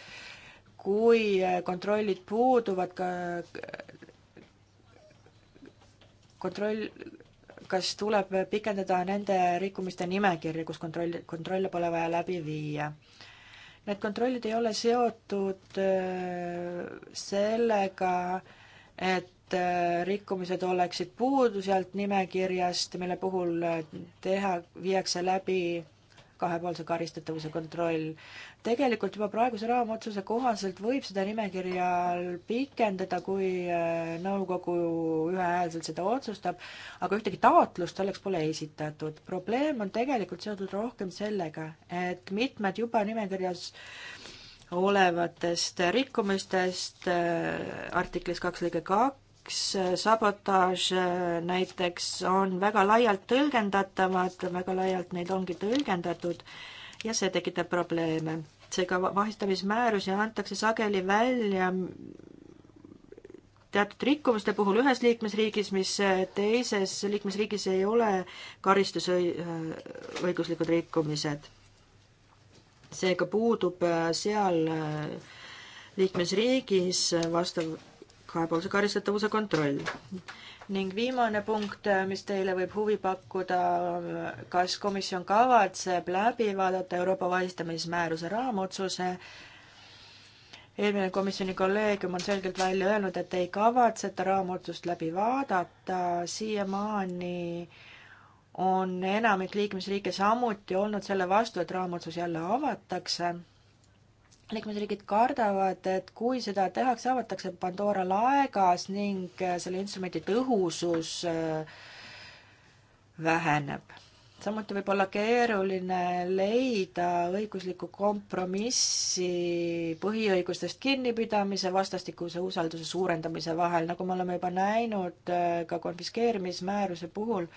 S1: kui äh, kontrollid puuduvad ka kontroll, kas tuleb pikendada nende rikkumiste nimekirja, kus kontroll, kontrolle pole vaja läbi viia. Need kontrollid ei ole seotud äh, sellega, et äh, rikkumised oleksid puudu sealt nimekirjast, mille puhul äh, teha, viiakse läbi kahepoolse karistatavuse kontroll. tegelikult juba praeguse raamotsuse kohaselt võib seda nimekirja pikendada, kui äh, nõukogu ühehäälselt seda otsustab, aga ühtegi taotlust selleks pole esitatud. probleem on tegelikult seotud rohkem sellega, et mitmed juba nimekirjas olevatest rikkumistest äh, artiklis kaks lõige kaks näiteks äh, sabotaaž äh, näiteks on väga laialt tõlgendatavad, väga laialt neid ongi tõlgendatud ja see tekitab probleeme. seega vahistamismäärusi antakse sageli välja teatud rikkumuste puhul ühes liikmesriigis, mis äh, teises liikmesriigis ei ole karistusõiguslikud rikkumised. seega puudub seal liikmesriigis vastav kahepoolse karistatavuse kontroll. ning viimane punkt, mis teile võib huvi pakkuda, kas komisjon kavatseb läbi vaadata Euroopa vahistamismääruse raamotsuse, eelmine komisjoni kolleegium on selgelt välja öelnud, et ei kavatseta raamotsust läbi vaadata, siiamaani on enamik liikmesriike samuti olnud selle vastu, et raamotsus jälle avatakse liikmesriigid kardavad, et kui seda tehakse, avatakse Pandora laegas ning äh, selle instrumendi tõhusus äh, väheneb. samuti võib olla keeruline leida õiguslikku kompromissi põhiõigustest kinnipidamise, vastastikuse usalduse suurendamise vahel, nagu me oleme juba näinud äh, ka konfiskeerimismääruse puhul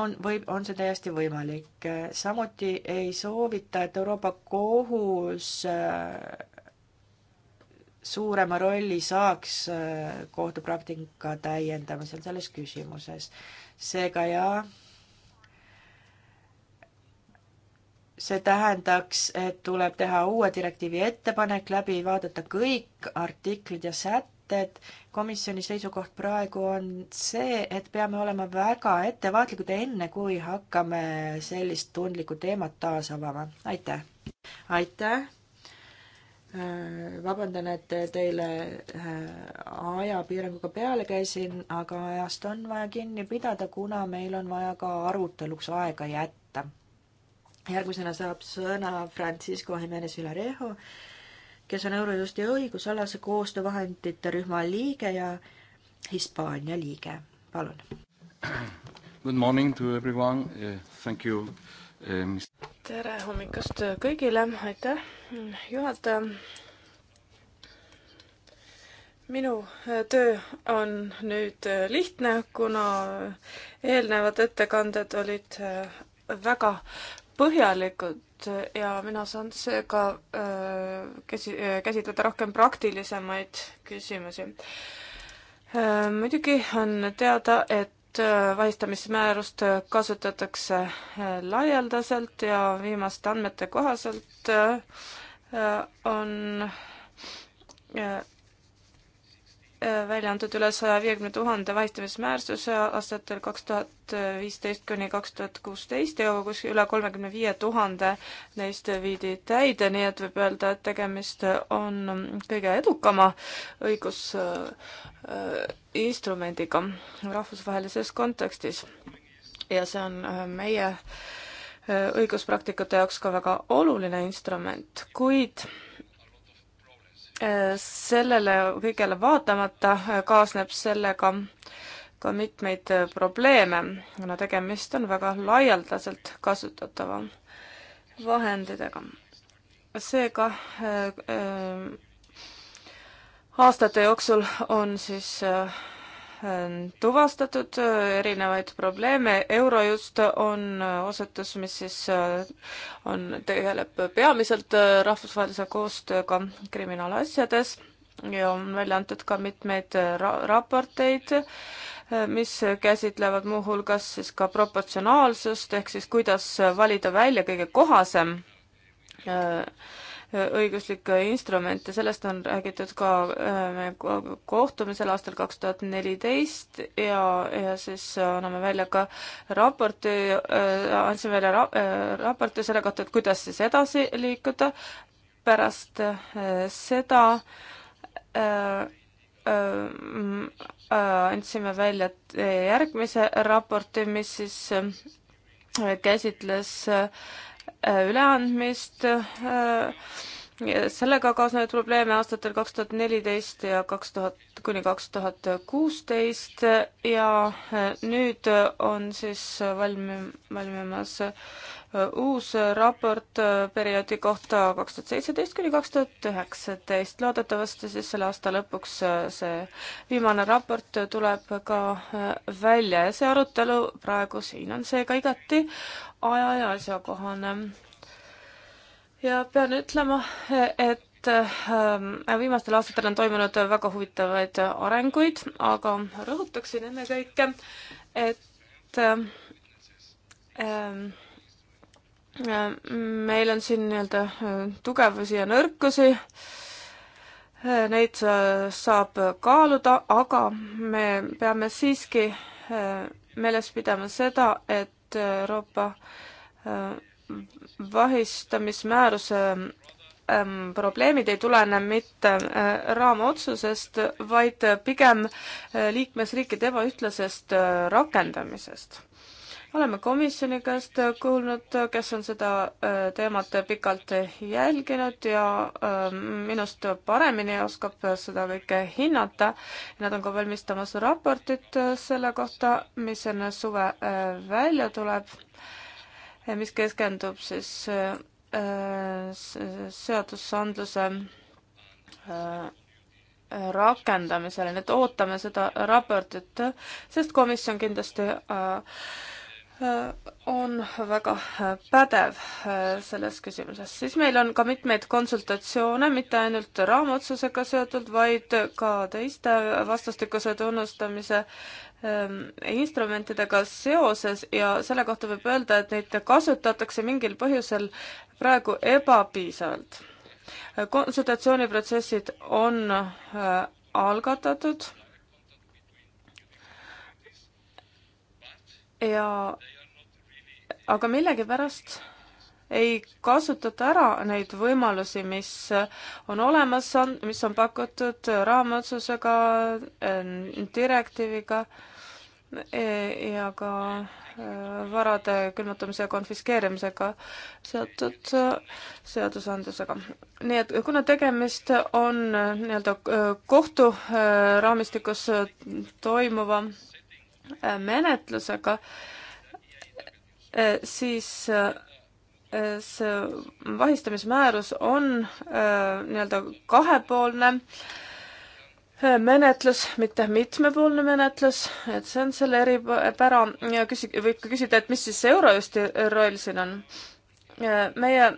S1: on, võib, on see täiesti võimalik. samuti ei soovita, et Euroopa Kohus äh, suurema rolli saaks äh, kohtupraktika täiendamisel selles küsimuses. seega jaa, see tähendaks, et tuleb teha uue direktiivi ettepanek, läbi vaadata kõik artiklid ja sätted, mõtted. komisjoni seisukoht praegu on see, et peame olema väga ettevaatlikud, enne kui hakkame sellist tundlikku teemat taas avama. aitäh! aitäh! Äh, vabandan, et teile äh, ajapiiranguga peale käisin, aga ajast on vaja kinni pidada, kuna meil on vaja ka aruteluks aega jätta. järgmisena saab sõna Francisco Jimenez Villarejo kes on Eurojusti õigusalase koostöövahendite rühma liige ja Hispaania liige. palun.
S2: Good morning to everyone uh,, thank you uh,.
S1: tere hommikust
S2: kõigile, aitäh juhataja. minu äh, töö on nüüd äh, lihtne, kuna eelnevad ettekanded olid äh, väga põhjalikud olnud ja mina saan seega äh, käsi, äh, käsitleda rohkem praktilisemaid küsimusi. Äh, muidugi on teada, et vahistamismäärust kasutatakse laialdaselt ja viimaste andmete kohaselt on välja antud üle saja viiekümne tuhande vahistamismäärstuse aastatel kaks tuhat viisteist kuni kaks tuhat kuusteist ja kuskil üle kolmekümne viie tuhande neist viidi täide, nii et võib öelda, et tegemist on kõige edukama õigusinstrumendiga äh, rahvusvahelises kontekstis. ja see on äh, meie äh, õiguspraktikute jaoks ka väga oluline instrument, kuid sellele kõigele vaatamata kaasneb sellega ka mitmeid probleeme, kuna tegemist on väga laialdaselt kasutatava vahenditega. seega äh, äh, aastate jooksul on siis äh, Ähm, tuvastatud äh, erinevaid probleeme, Eurojust on osutus, äh, mis siis äh, on, tegeleb peamiselt rahvusvahelise koostööga kriminaalasjades ja on välja antud ka mitmeid ra-, raporteid, mis käsitlevad muuhulgas siis ka proportsionaalsust, ehk siis kuidas valida välja kõige kohasem äh, õiguslikke instrumente, sellest on räägitud ka äh, kohtumisel aastal kaks tuhat neliteist ja, ja siis äh, anname välja ka raporti, äh, andsin välja ra raporti selle kohta, et kuidas siis edasi liikuda pärast seda mm, andsime välja järgmise raporti, mis siis käsitles äh, Äh, üleandmist, äh, sellega kaasnevaid probleeme aastatel kaks tuhat neliteist ja kaks tuhat kuni kaks tuhat kuusteist ja äh, nüüd on siis valmi-, valmimas uus raport perioodi kohta kaks tuhat seitseteist kuni kaks tuhat üheksateist. loodetavasti siis selle aasta lõpuks see viimane raport tuleb ka välja ja see arutelu praegu siin on seega igati aja ja asjakohane. ja pean ütlema, et ähm, viimastel aastatel on toimunud väga huvitavaid arenguid, aga rõhutaksin ennekõike, et ähm, ähm, meil on siin nii-öelda äh, tugevusi ja nõrkusi, äh, neid äh, saab kaaluda, aga me peame siiski meeles pidama seda, et et Euroopa äh, vahistamismääruse ähm, probleemid ei tulene mitte äh, raamotsusest, vaid pigem äh, liikmesriikide ebaühtlasest rakendamisest oleme komisjoni käest kuulnud, kes on seda äh, teemat pikalt jälginud ja äh, minust paremini oskab seda kõike hinnata. Nad on ka valmistamas raportit äh, selle kohta, mis enne suve välja tuleb, mis keskendub siis seadusandluse rakendamisele, nii et ootame seda raportit, sest komisjon kindlasti äh, Äh, on väga äh, pädev äh, selles küsimuses. siis meil on ka mitmeid konsultatsioone, mitte ainult raamotsusega seotud, vaid ka teiste vastastikuse tunnustamise ähm, instrumentidega seoses ja selle kohta võib öelda, et neid kasutatakse mingil põhjusel praegu ebapiisavalt. konsultatsiooniprotsessid on algatatud ja aga millegipärast ei kasutata ära neid võimalusi, mis on olemas, on, mis on pakutud raamotsusega, direktiiviga e, ja ka e, varade külmutamise ja konfiskeerimisega seotud e, seadusandlusega. nii et kuna tegemist on nii-öelda kohturaamistikus toimuva menetlusega, eh, siis eh, see vahistamismäärus on eh, nii-öelda kahepoolne menetlus, mitte mitmepoolne menetlus, et see on selle eripära ja küsi-, võib ka küsida, et mis siis see Eurojusti roll siin on. meie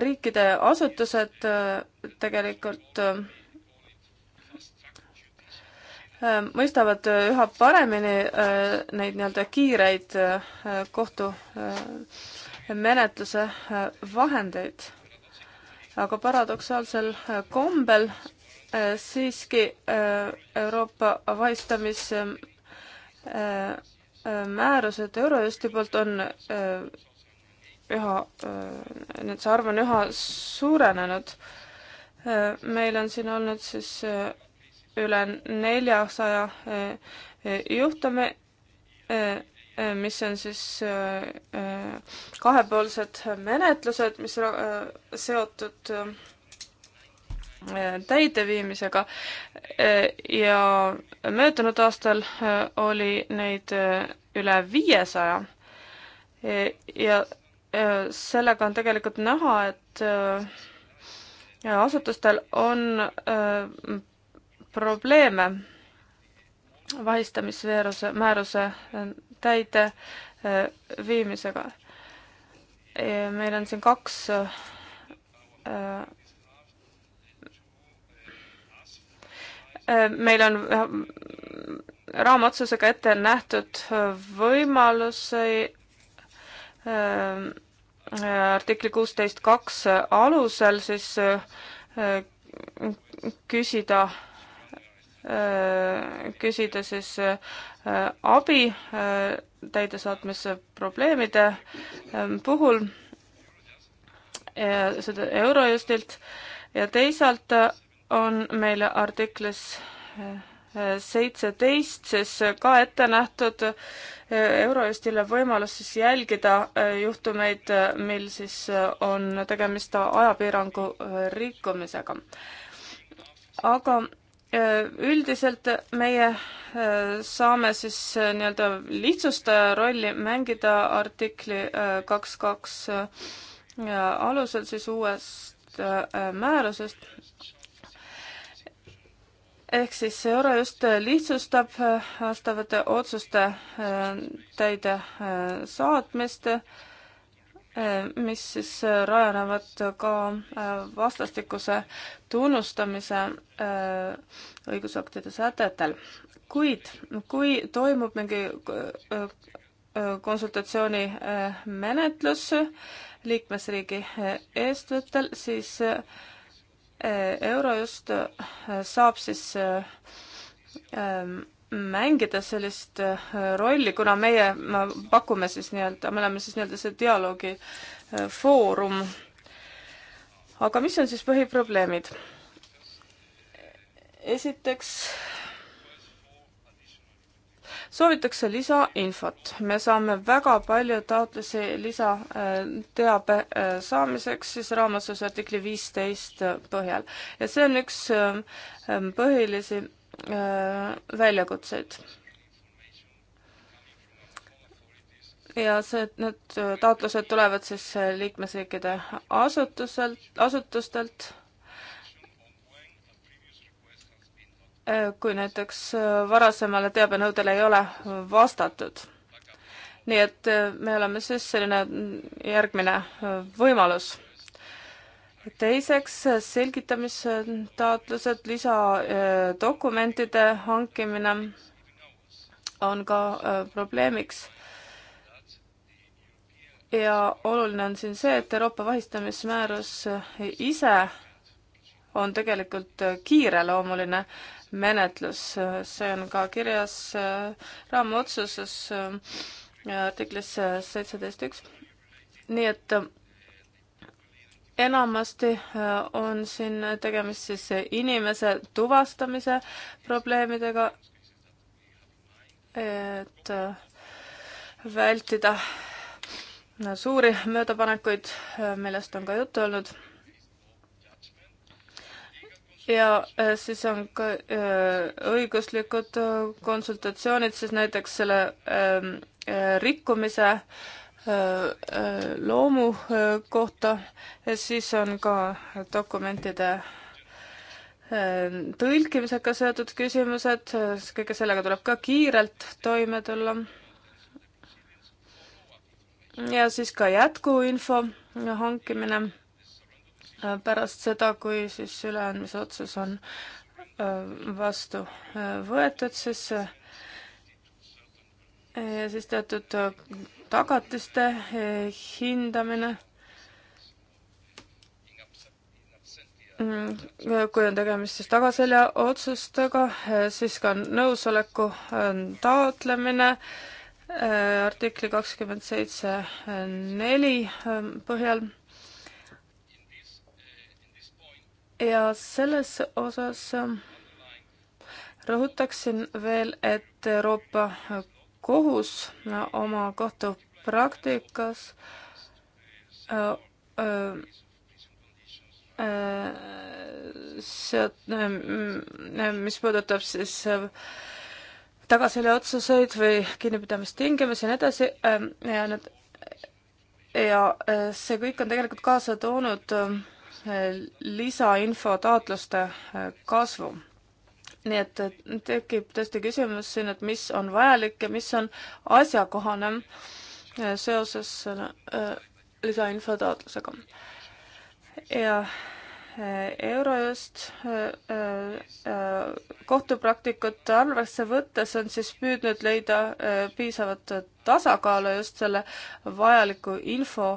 S2: riikide asutused tegelikult Äh, mõistavad äh, üha paremini äh, neid nii-öelda kiireid kohtumenetluse vahendeid. aga paradoksaalsel kombel siiski Euroopa vahistamismäärused Eurojusti poolt on üha, nüüd see arv on üha suurenenud. meil on siin olnud siis üle neljasaja eh, eh, juhtumi, eh, mis on siis kahepoolsed menetlused, mis seotud täideviimisega ja möödunud aastal oli neid üle viiesaja. ja sellega on tegelikult näha, et asutustel on probleeme vahistamisveeruse määruse äh, täide äh, viimisega. meil on siin kaks äh, meil on raamotsusega ette nähtud võimalusi artikli kuusteist kaks alusel siis küsida Äh, küsida siis äh, abi äh, täidesaatmise probleemide ähm, puhul ja seda Eurojustilt ja teisalt on meil artiklis seitseteist siis ka ette nähtud Eurojustile võimalus siis jälgida juhtumeid, mil siis on tegemist ajapiirangu rikkumisega. aga Äh, üldiselt meie äh, saame siis äh, nii-öelda lihtsustaja rolli mängida artikli kaks kaks alusel siis uuest määrusest. ehk siis euro just lihtsustab vastavate otsuste täide saatmist mis siis rajanevad ka äh, vastastikuse tunnustamise äh, õigusaktide sätetel. kuid kui toimub mingi äh, konsultatsiooni menetlus liikmesriigi eestvõttel, siis Eurojust saab siis ähm, mängida sellist äh, rolli, kuna meie, me pakume siis nii-öelda, me oleme siis nii-öelda see dialoogi äh, foorum. aga mis on siis põhiprobleemid? esiteks soovitakse lisainfot. me saame väga palju taotlusi lisateabe äh, saamiseks siis raamatus artikli viisteist põhjal ja see on üks põhilisi Äh, väljakutseid. ja see, need äh, taotlused tulevad siis äh, liikmesriikide asutuselt, asutustelt kui näiteks varasemale teabenõudele ei ole vastatud. nii et me oleme siis selline mm, järgmine võimalus teiseks, selgitamistaotlused, lisadokumentide hankimine on ka äh, probleemiks. ja oluline on siin see, et Euroopa vahistamismäärus äh, ise on tegelikult äh, kiireloomuline menetlus, see on ka kirjas raamotsuses artiklis seitseteist üks. nii et enamasti äh, on siin tegemist siis inimese tuvastamise probleemidega, et äh, vältida äh, suuri möödapanekuid, millest on ka juttu olnud. ja siis on ka õiguslikud konsultatsioonid siis näiteks selle ähm, rikkumise äh, loomu äh, kohta, siis on ka dokumentide äh, tõlkimisega seotud küsimused, äh, kõige sellega tuleb ka kiirelt toime tulla. ja siis ka jätkuinfo hankimine pärast seda, kui siis üleandmise otsus on vastu võetud, siis ja siis teatud tagatiste eh, hindamine mm, kui on tegemist siis tagaselja otsustega, eh, siis ka nõusoleku eh, taotlemine artikli kakskümmend seitse neli põhjal. ja selles osas rõhutaksin veel, et Euroopa kohus äh, oma kohtupraktikas äh, äh, sealt, mis puudutab siis tagaseljaotsuseid või kinnipidamistingimusi ja nii edasi ja need ja see kõik on tegelikult kaasa toonud lisainfotaotluste kasvu nii et tekib tõesti küsimus siin, et mis on vajalik ja mis on asjakohane äh, seoses selle äh, lisainfo taotlusega. ja äh, Eurojust kohtupraktikut arvesse võttes on siis püüdnud leida piisavat tasakaalu just selle vajaliku info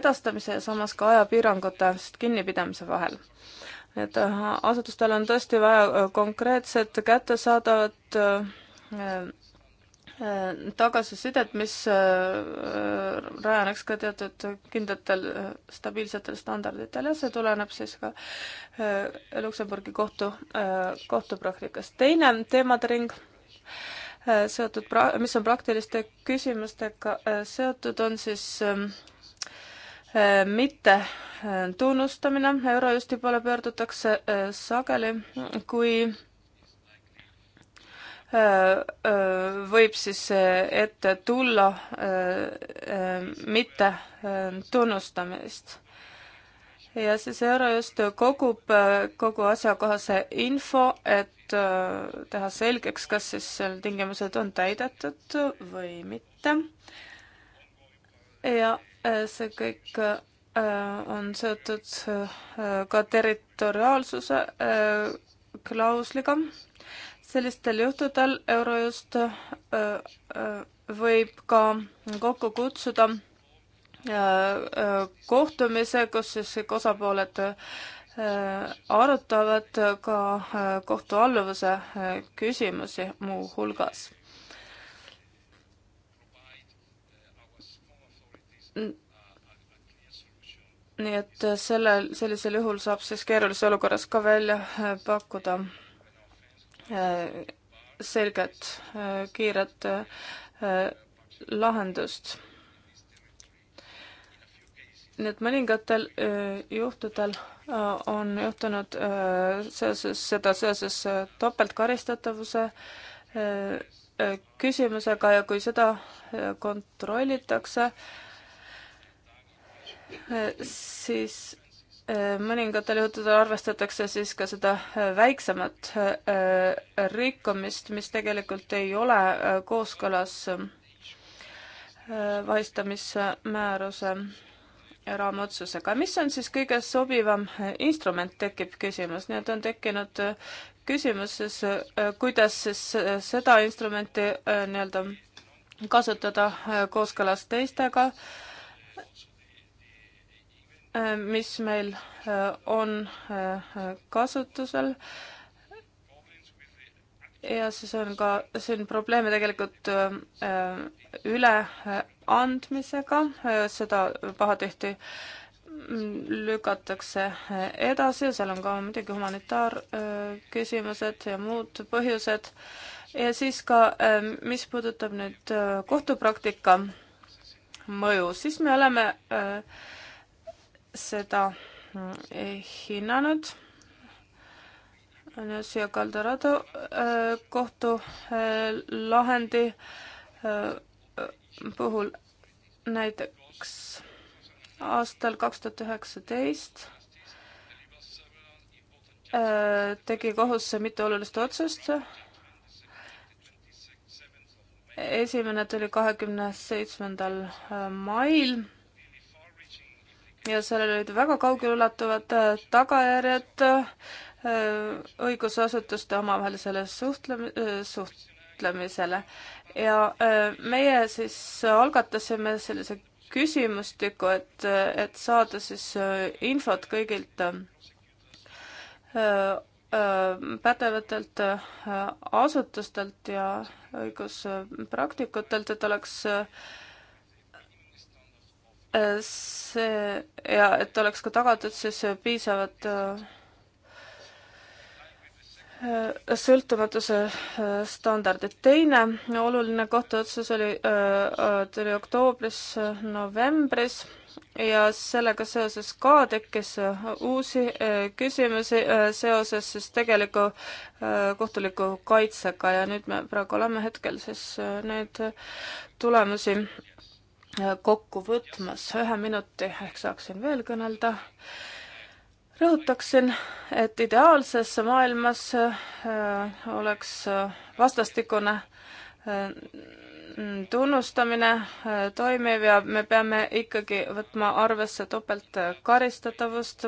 S2: edastamise ja samas ka ajapiirangutest kinnipidamise vahel et äh, asutustel on tõesti vaja äh, konkreetset kättesaadavat äh, tagasisidet, mis rajaneks ka teatud kindlatel stabiilsetel standarditel ja see tuleneb siis ka Luksemburgi kohtu, kohtupraktikast. teine teemade ring seotud, mis on praktiliste küsimustega seotud, on siis ähm, Äh, mitte äh, tunnustamine, Eurojusti poole pöördutakse äh, sageli, kui võib siis ette tulla mitte tunnustamist. ja siis Eurojust kogub kogu asjakohase info, et teha selgeks, kas siis seal tingimused on täidetud või mitte. ja Äh, see kõik äh, on seotud äh, ka territoriaalsuse klausliga. sellistel juhtudel Eurojust võib ka kokku kutsuda kohtumise, kus siis kõik osapooled arutavad ka kohtualluvuse küsimusi muuhulgas nii et sellel, sellisel juhul saab siis keerulises olukorras ka välja äh, pakkuda äh, selget, äh, kiiret lahendust. nii et mõningatel juhtudel on juhtunud seoses, seda seoses topeltkaristatavuse küsimusega ja kui seda kontrollitakse, Äh, siis äh, mõningatel juhtudel arvestatakse siis ka seda äh, väiksemat rikkumist, mis tegelikult ei ole kooskõlas vahistamismääruse raamotsusega. mis on siis kõige sobivam instrument, tekib küsimus, nii et on tekkinud küsimus siis, kuidas siis seda instrumenti nii-öelda kasutada kooskõlas teistega Äh, mis meil äh, on äh, kasutusel. ja siis on ka siin probleeme tegelikult üleandmisega, seda pahatihti mm, lükatakse edasi ja seal on ka muidugi humanitaarküsimused ja muud põhjused. ja siis ka, mis puudutab nüüd kohtupraktika mõju, siis me oleme äh, seda mm, hinnanud. Anastasia Calderado äh, kohtu äh, lahendi äh, puhul näiteks aastal kaks tuhat üheksateist tegi kohus mitu olulist otsust. esimene tuli kahekümne seitsmendal mail ja sellel olid väga kaugeleulatuvad äh, tagajärjed äh, õigusasutuste omavahelisele suhtle-, äh, suhtlemisele. ja meie siis algatasime sellise küsimustiku, et, et saada siis infot kõigilt pädevatelt asutustelt ja õiguspraktikutelt, et oleks äh, see ja et oleks ka tagatud siis piisavad äh, sõltumatuse äh, standardid. teine oluline kohtuotsus oli, äh, tuli oktoobris, novembris ja sellega seoses ka tekkis uusi küsimusi seoses siis tegeliku kohtuliku kaitsega ja nüüd me praegu oleme hetkel siis neid tulemusi kokku võtmas. ühe minuti ehk saaksin veel kõnelda. rõhutaksin, et ideaalses maailmas äh, oleks äh, vastastikune äh, tunnustamine toimiv ja me peame ikkagi võtma arvesse topeltkaristatavust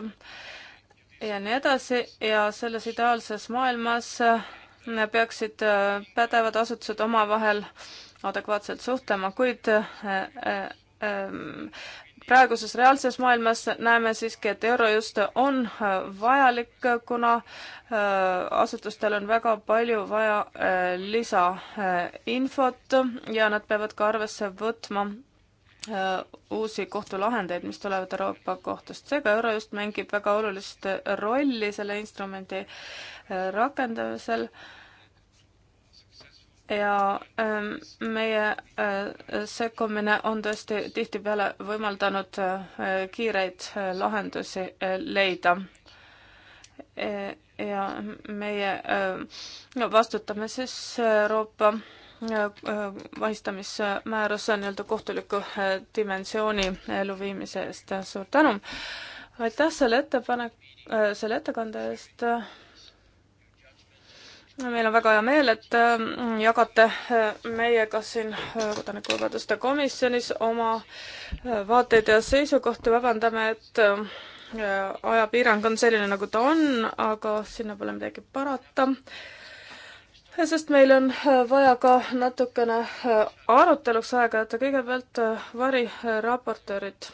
S2: ja nii edasi ja selles ideaalses maailmas peaksid pädevad asutused omavahel adekvaatselt suhtlema, kuid äh, äh, ähm, praeguses reaalses maailmas näeme siiski, et euro just on äh, vajalik, kuna asutustel on väga palju vaja lisainfot ja nad peavad ka arvesse võtma uusi kohtulahendeid, mis tulevad Euroopa kohtust. seega euro just mängib väga olulist rolli selle instrumendi rakendamisel ja ähm, meie äh, sekkumine on tõesti tihtipeale võimaldanud äh, kiireid äh, lahendusi leida. E, ja meie no, vastutame siis Euroopa vahistamismääruse nii-öelda kohtuliku dimensiooni eluviimise eest. suur tänu! aitäh selle ettepanek-, selle ettekande eest meil on väga hea meel, et äh, jagate äh, meiega siin äh, kodanikuvabaduste komisjonis oma vaateid ja seisukohti, vabandame, et ajapiirang on selline, nagu ta on, aga sinna pole midagi parata. sest meil on vaja ka natukene aruteluks aega jätta, kõigepealt variraportöörid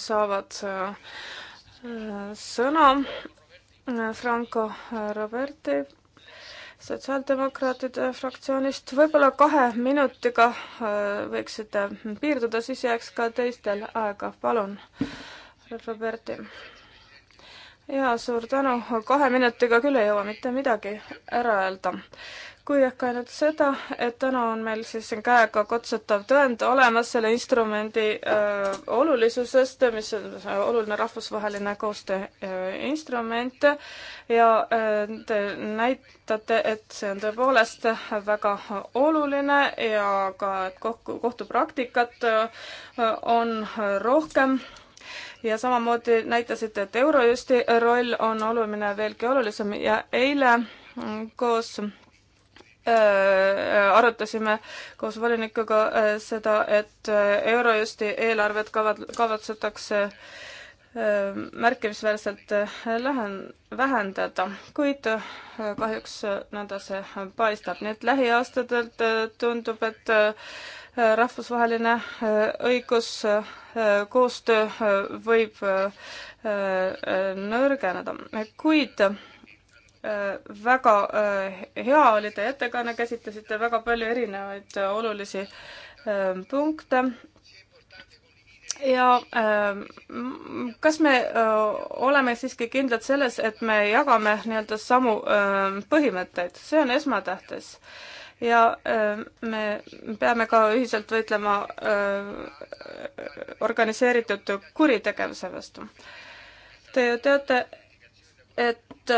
S2: saavad sõna Franco Roberti sotsiaaldemokraatide fraktsioonist. võib-olla kahe minutiga äh, võiksite piirduda, siis jääks ka teistel aega. palun, Roberti. ja suur tänu, kahe minutiga küll ei jõua mitte midagi ära öelda kuid ehk ainult seda, et täna on meil siis käega katsutav tõend olemas selle instrumendi öö, äh, olulisusest, mis on oluline rahvusvaheline koostööinstrument äh, ja öö, äh, te näitate, et see on tõepoolest väga oluline ja ka, et kohtu, kohtupraktikat öö, on rohkem ja samamoodi näitasite, et Eurojusti roll on oluline veelgi olulisem ja eile koos Äh, äh, arutasime koos volinikuga äh, seda, et Eurojusti eelarvet kavad-, kavatsetakse märkimisväärselt lähen-, vähendada, kuid kahjuks nõnda see paistab, nii et lähiaastatelt tundub, et rahvusvaheline õiguskoostöö võib nõrgeneda, kuid Äh, väga äh, hea oli teie ettekanne, käsitlesite väga palju erinevaid äh, olulisi punkte. ja kas me oleme siiski kindlad selles, et me jagame nii-öelda samu põhimõtteid, see on esmatähtis ja me peame ka ühiselt võitlema organiseeritud kuritegevuse vastu. Te ju teate, et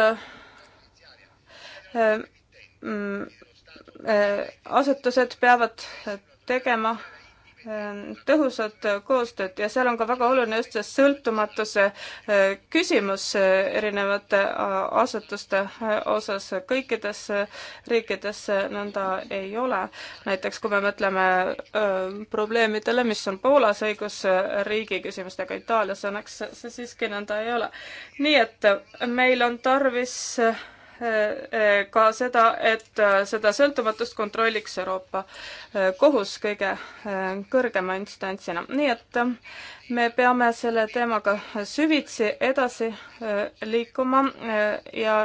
S2: asutused peavad tegema ähm, tõhusat koostööd ja seal on ka väga oluline just see sõltumatuse äh, küsimus äh, erinevate äh, asutuste osas. kõikides riikides nõnda ei ole. näiteks kui me mõtleme probleemidele, mis on Poolas õigusriigi küsimustega, Itaalias õnneks see siiski nõnda ei ole. nii et meil on tarvis Eh, eh, ka seda, et eh, seda sõltumatust kontrolliks Euroopa Kohus kõige kõrgema instantsina. nii et me peame selle teemaga süvitsi edasi liikuma ja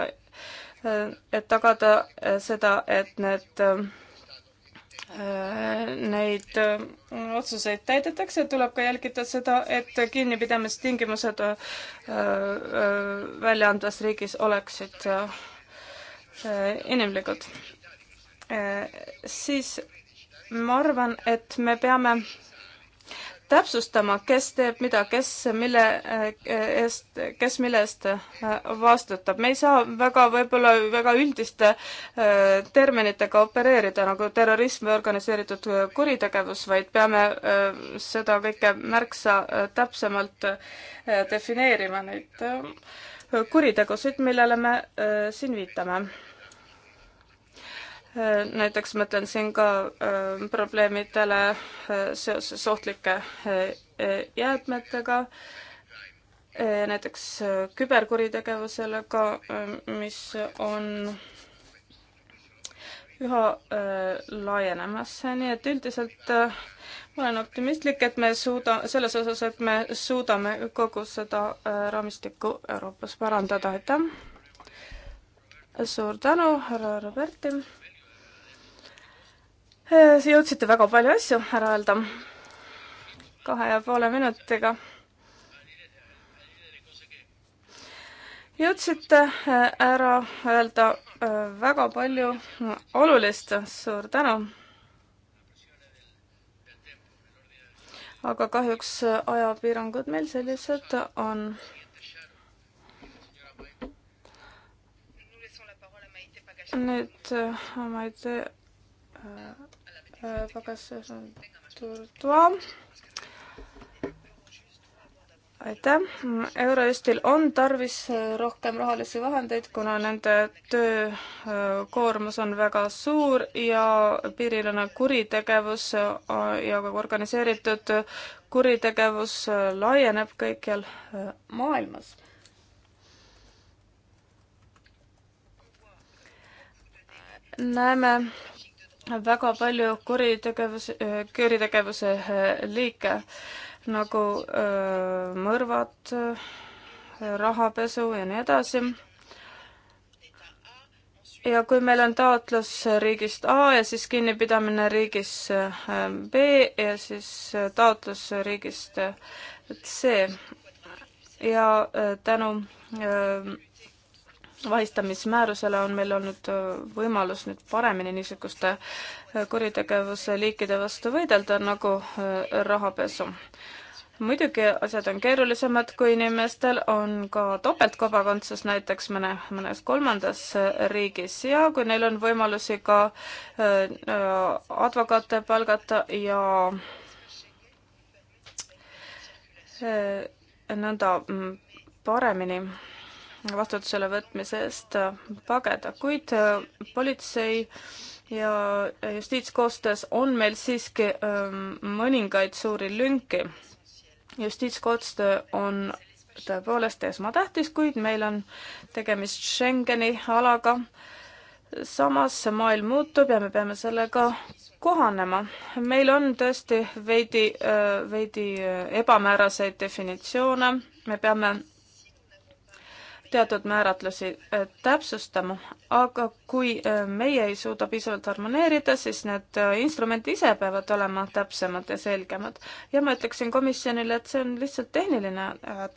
S2: et tagada seda, et need neid otsuseid täidetakse, tuleb ka jälgida seda, et kinnipidamistingimused väljaandvas riigis oleksid Äh, inimlikud. Äh, siis ma arvan, et me peame täpsustama, kes teeb mida, kes mille äh, eest, kes mille eest vastutab. me ei saa väga võib-olla väga üldiste terminitega opereerida nagu terrorism või organiseeritud kuritegevus, vaid peame seda kõike märksa täpsemalt defineerima, neid kuritegusid, millele me siin viitame Äh, näiteks mõtlen siin ka äh, probleemidele äh, seoses ohtlike jäätmetega, näiteks küberkuritegevusele ka, mis on üha laienemas, nii et üldiselt ma olen optimistlik, et me suuda, selles osas, et me suudame kogu seda raamistikku Euroopas parandada, aitäh! suur tänu, härra Roberti! Äh, Te jõudsite väga palju asju ära öelda kahe ja poole minutiga. jõudsite äh, ära öelda äh, väga palju olulist, suur tänu. aga kahjuks ajapiirangud meil sellised on nüüd ma ei tea Pagas-Turtua. aitäh, Eurojustil on tarvis rohkem rahalisi vahendeid, kuna nende töökoormus on väga suur ja piiriülene kuritegevus ja ka organiseeritud kuritegevus laieneb kõikjal maailmas näeme väga palju kuritegevuse, kuritegevuse äh, liike nagu äh, mõrvad, äh, rahapesu ja nii edasi. ja kui meil on taotlus riigist A ja siis kinnipidamine riigis B ja siis taotlus riigist C ja tänu vahistamismäärusele on meil olnud äh, võimalus nüüd paremini niisuguste äh, kuritegevuse liikide vastu võidelda, nagu äh, rahapesu. muidugi asjad on keerulisemad, kui inimestel on ka topeltkodakondsus näiteks mõne, mõnes kolmandas riigis ja kui neil on võimalusi ka advokaate palgata ja nõnda mm, paremini vastutusele võtmise eest äh, pageda, kuid äh, politsei ja justiitskoostöös on meil siiski ähm, mõningaid suuri lünki. justiitskoostöö on tõepoolest esmatähtis, kuid meil on tegemist Schengeni alaga. samas see maailm muutub ja me peame sellega kohanema. meil on tõesti veidi, äh, veidi ebamääraseid definitsioone, me peame teatud määratlusi äh, täpsustama, aga kui äh, meie ei suuda piisavalt harmoneerida, siis need äh, instrumendid ise peavad olema täpsemad ja selgemad. ja ma ütleksin komisjonile, et see on lihtsalt tehniline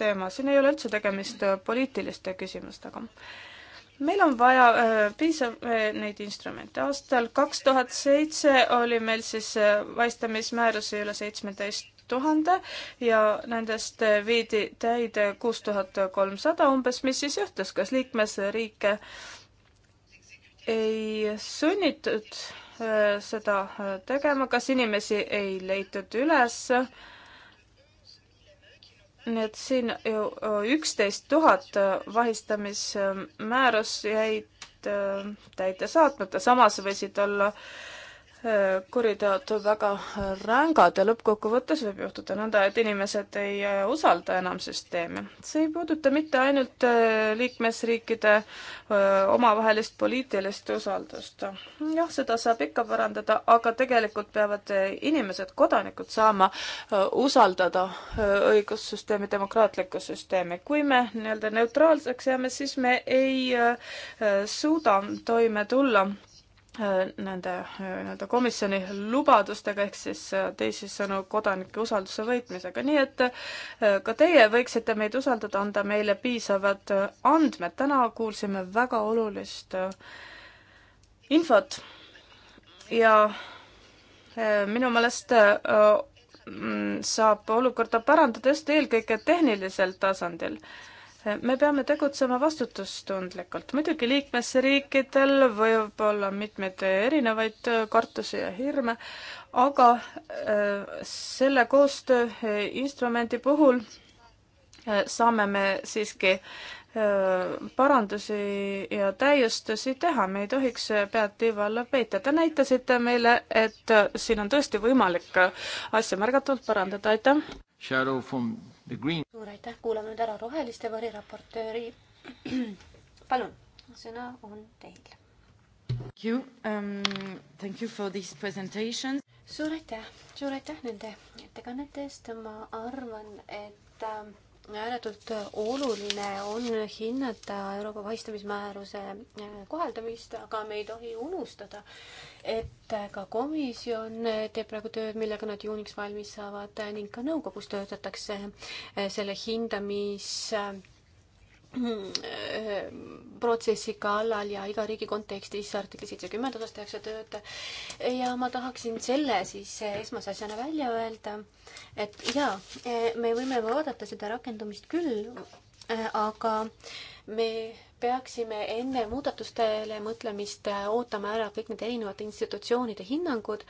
S2: teema, siin ei ole üldse tegemist poliitiliste küsimustega. meil on vaja piisav, neid instrumente. aastal kaks tuhat seitse oli meil siis vaistamismäärusi üle seitsmeteist tuhande ja nendest viidi täide kuus tuhat kolmsada umbes, mis siis juhtus, kas liikmesriike ei sunnitud äh, seda äh, tegema, kas inimesi ei leitud üles? nii et siin ju üksteist tuhat äh, vahistamismäärus jäid täide saatmata, samas võisid olla äh, kuriteod väga rängad ja lõppkokkuvõttes võib juhtuda nõnda, et inimesed ei äh, usalda enam süsteemi. see ei puuduta mitte ainult äh, liikmesriikide äh, omavahelist poliitilist usaldust. jah, seda saab ikka parandada, aga tegelikult peavad inimesed, kodanikud saama usaldada õigussüsteemi, demokraatlikku süsteemi. kui me nii-öelda neutraalseks jääme, siis me ei suuda toime tulla Äh, nende äh, nii-öelda komisjoni lubadustega ehk siis äh, teisisõnu kodanike usalduse võitmisega, nii et ka teie võiksite meid usaldada, anda meile piisavad andmed. täna kuulsime väga olulist infot ja minu meelest mm, saab olukorda parandada just eelkõige tehnilisel tasandil me peame tegutsema vastutustundlikult. muidugi liikmesriikidel võib olla mitmeid erinevaid äh, kartusi ja hirme, aga äh, selle koostööinstrumendi äh, puhul saame me siiski parandusi ja täiustusi teha, me ei tohiks pead tiiva alla peita. Te näitasite meile, et siin on tõesti võimalik asja märgatavalt parandada, aitäh!
S1: Green...
S3: suur aitäh, kuulame nüüd ära Roheliste variraportööri. palun, sõna on teil.
S2: Thank you um,, thank you for this presentation.
S3: suur aitäh, suur aitäh nende ettekannete eest, ma arvan, et ähm, ääretult oluline on hinnata Euroopa vahistamismääruse äh, kohaldamist, aga me ei tohi unustada, et ka komisjon teeb praegu tööd, millega nad juuniks valmis saavad ning ka nõukogus töötatakse äh, selle hindamis protsessi kallal ja iga riigi kontekstis artikli seitsekümmend osas tehakse tööd. ja ma tahaksin selle siis esmase asjana välja öelda, et jaa, me võime vaadata seda rakendumist küll, aga me peaksime enne muudatustele mõtlemist ootama ära kõik need erinevate institutsioonide hinnangud,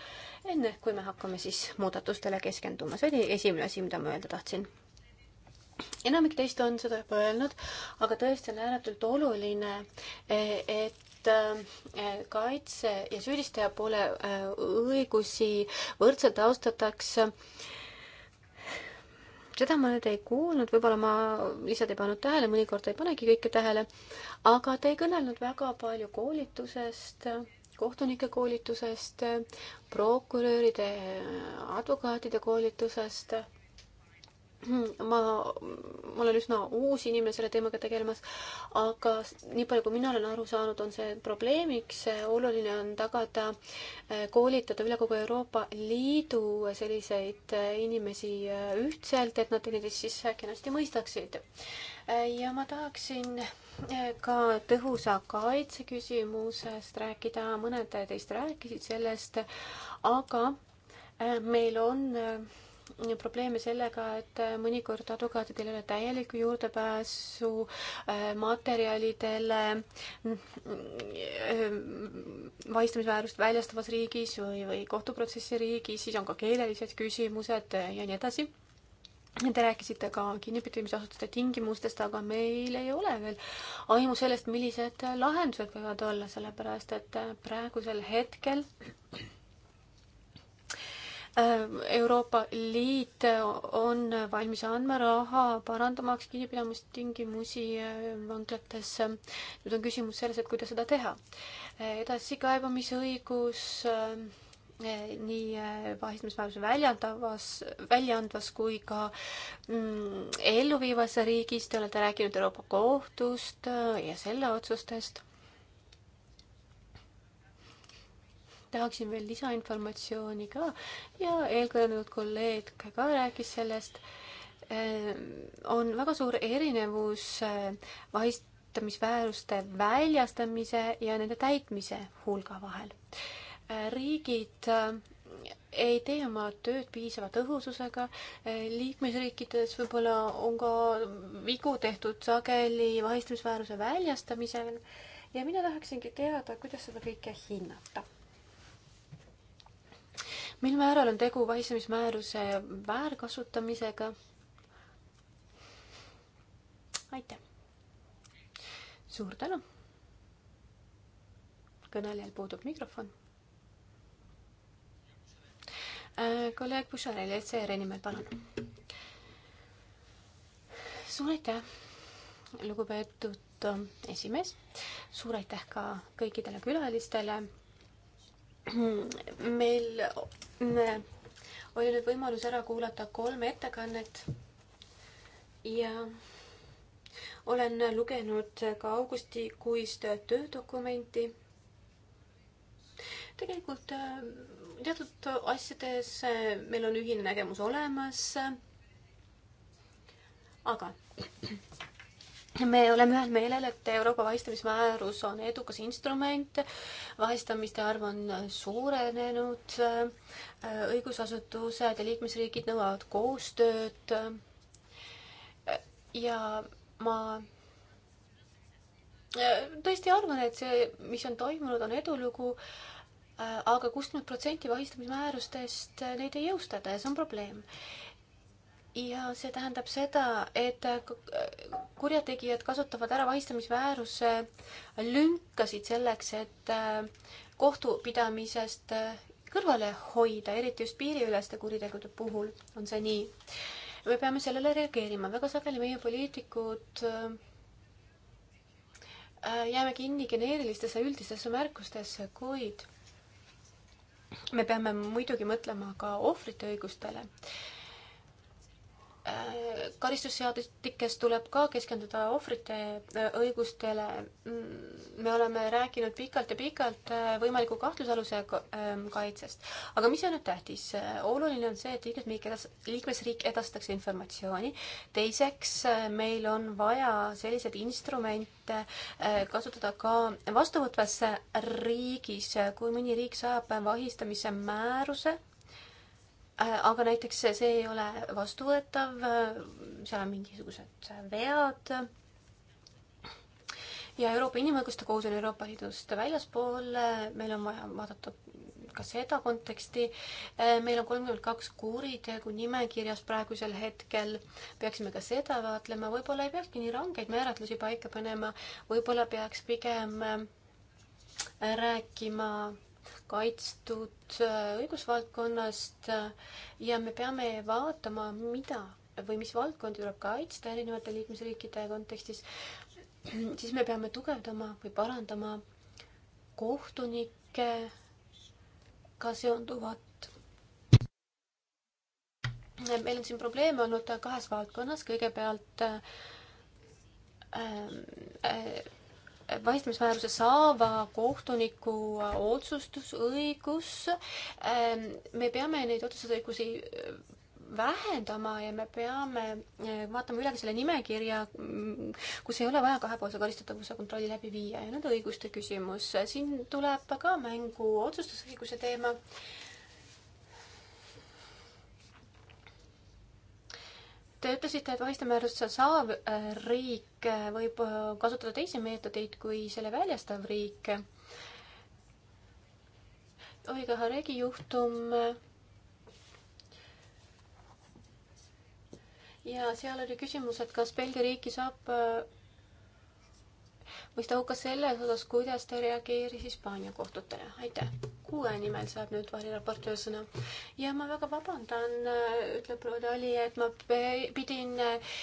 S3: enne kui me hakkame siis muudatustele keskenduma. see oli esimene asi, mida ma öelda tahtsin enamik teist on seda juba öelnud, aga tõesti on ääretult oluline, e, et e, kaitse ja süüdistaja poole e, õigusi võrdselt austatakse. seda ma nüüd ei kuulnud, võib-olla ma lihtsalt ei pannud tähele, mõnikord ei panegi kõike tähele, aga te ei kõnelenud väga palju koolitusest, kohtunike koolitusest, prokuröride, advokaatide koolitusest Hmm, ma olen üsna uus inimene selle teemaga tegelemas, aga nii palju, kui mina olen aru saanud, on see probleemiks. oluline on tagada, eh, koolitada üle kogu Euroopa Liidu selliseid eh, inimesi eh, ühtselt, et nad teineteist siis kenasti mõistaksid. ja ma tahaksin ka tõhusa kaitse küsimusest rääkida, mõned teist rääkisid sellest, aga meil on probleeme sellega, et äh, mõnikord advokaatidel ei ole täielikku juurdepääsu äh, materjalidele mm, äh, vaistamisväärust väljastavas riigis või, või kohtuprotsessi riigis, siis on ka keelelised küsimused ja nii edasi Te rääkisite ka kinnipidamisasutuste tingimustest, aga meil ei ole veel aimu sellest, millised lahendused võivad olla, sellepärast et praegusel hetkel Äh, Euroopa Liit on valmis andma raha parandamaks kinnipidamistingimusi äh, vanglates. nüüd on küsimus selles, et kuidas seda teha. Äh, edasikaebamisõigus nii vahistamismääruse väljendavas, väljaandvas kui ka mm, elluviivas riigis, te olete rääkinud Euroopa Kohtust ja selle otsustest tahaksin veel lisainformatsiooni ka ja eelkõnelenud kolleeg ka rääkis sellest. Ähm, on väga suur erinevus äh, vahistamisvääruste väljastamise ja nende täitmise hulga vahel. Äh, riigid äh, ei tee oma tööd piisava tõhususega. liikmesriikides võib-olla on ka vigu tehtud sageli vahistamisvääruse väljastamisel ja mina tahaksingi teada, kuidas seda kõike hinnata mil määral on tegu vahistamismääruse väärkasutamisega? aitäh! suur tänu! kõnelejal puudub mikrofon äh,. kolleeg Bušareli ECR-i nimel, palun. suur aitäh, lugupeetud äh, esimees. suur aitäh ka kõikidele külalistele meil oli nüüd võimalus ära kuulata kolm ettekannet ja olen lugenud ka augustikuist töödokumenti. tegelikult äh, teatud asjades äh, meil on ühine nägemus olemas. aga me oleme ühel meelel, et Euroopa vahistamismäärus on edukas instrument, vahistamiste arv on suurenenud, õigusasutused ja liikmesriigid nõuavad koostööd ja ma äh, tõesti arvan, et see, mis on toimunud, on edulugu äh, aga, aga kuuskümmend protsenti vahistamismäärustest äh, neid ei jõustata ja see on probleem ja see tähendab seda, et kurjategijad kasutavad ära vahistamisvääruse lünkasid selleks, et äh, kohtupidamisest äh, kõrvale hoida, eriti just piiriüleste kuritegude puhul on see nii. me peame sellele reageerima, väga sageli meie poliitikud äh, jääme kinni geneerilistesse üldistesse märkustesse, kuid me peame muidugi mõtlema ka ohvrite õigustele Äh, karistusseadustikes tuleb ka keskenduda ohvrite äh, õigustele. Mm, me oleme rääkinud pikalt ja pikalt äh, võimaliku kahtlusaluse ähm, kaitsest. aga mis on nüüd tähtis? oluline on see, et liikmesriik edas-, liikmesriik edastaks informatsiooni. teiseks, meil on vaja selliseid instrumente kasutada ka vastuvõtvas riigis, kui mõni riik saab vahistamise määruse Äh, aga näiteks see ei ole vastuvõetav, äh, seal on mingisugused vead. ja Euroopa Inimõiguste Kohus on Euroopa Liidust väljaspool, äh, meil on vaja vaadata ka seda konteksti. meil on kolmkümmend kaks kuuritegu nimekirjas praegusel hetkel, peaksime ka seda vaatlema, võib-olla ei peakski nii rangeid määratlusi paika panema, võib-olla peaks pigem rääkima kaitstud äh, õigusvaldkonnast äh, ja me peame vaatama, mida või mis valdkondi tuleb kaitsta erinevate liikmesriikide kontekstis, siis me peame tugevdama või parandama kohtunikega seonduvat. meil on siin probleeme olnud kahes valdkonnas, kõigepealt äh, äh, vaistmismääruse saava kohtuniku otsustusõigus. Ähm, me peame neid otsustusõigusi äh, vähendama ja me peame äh, vaatama üle ka selle nimekirja, mm, kus ei ole vaja kahepoolse karistatavuse kontrolli läbi viia ja nende õiguste küsimus. siin tuleb ka mängu otsustusõiguse teema Te ütlesite, et vahistemäärust saav äh, riik äh, võib äh, kasutada teisi meetodeid kui selle väljastav riik. Oiga Haregi juhtum. ja seal oli küsimus, et kas Belgia riiki saab mõista hukka selles osas, kuidas ta reageeris Hispaania kohtutele. aitäh kuue nimel saab nüüd variraportöö sõna. ja ma väga vabandan, ütleb proua Tali, et ma pidin äh,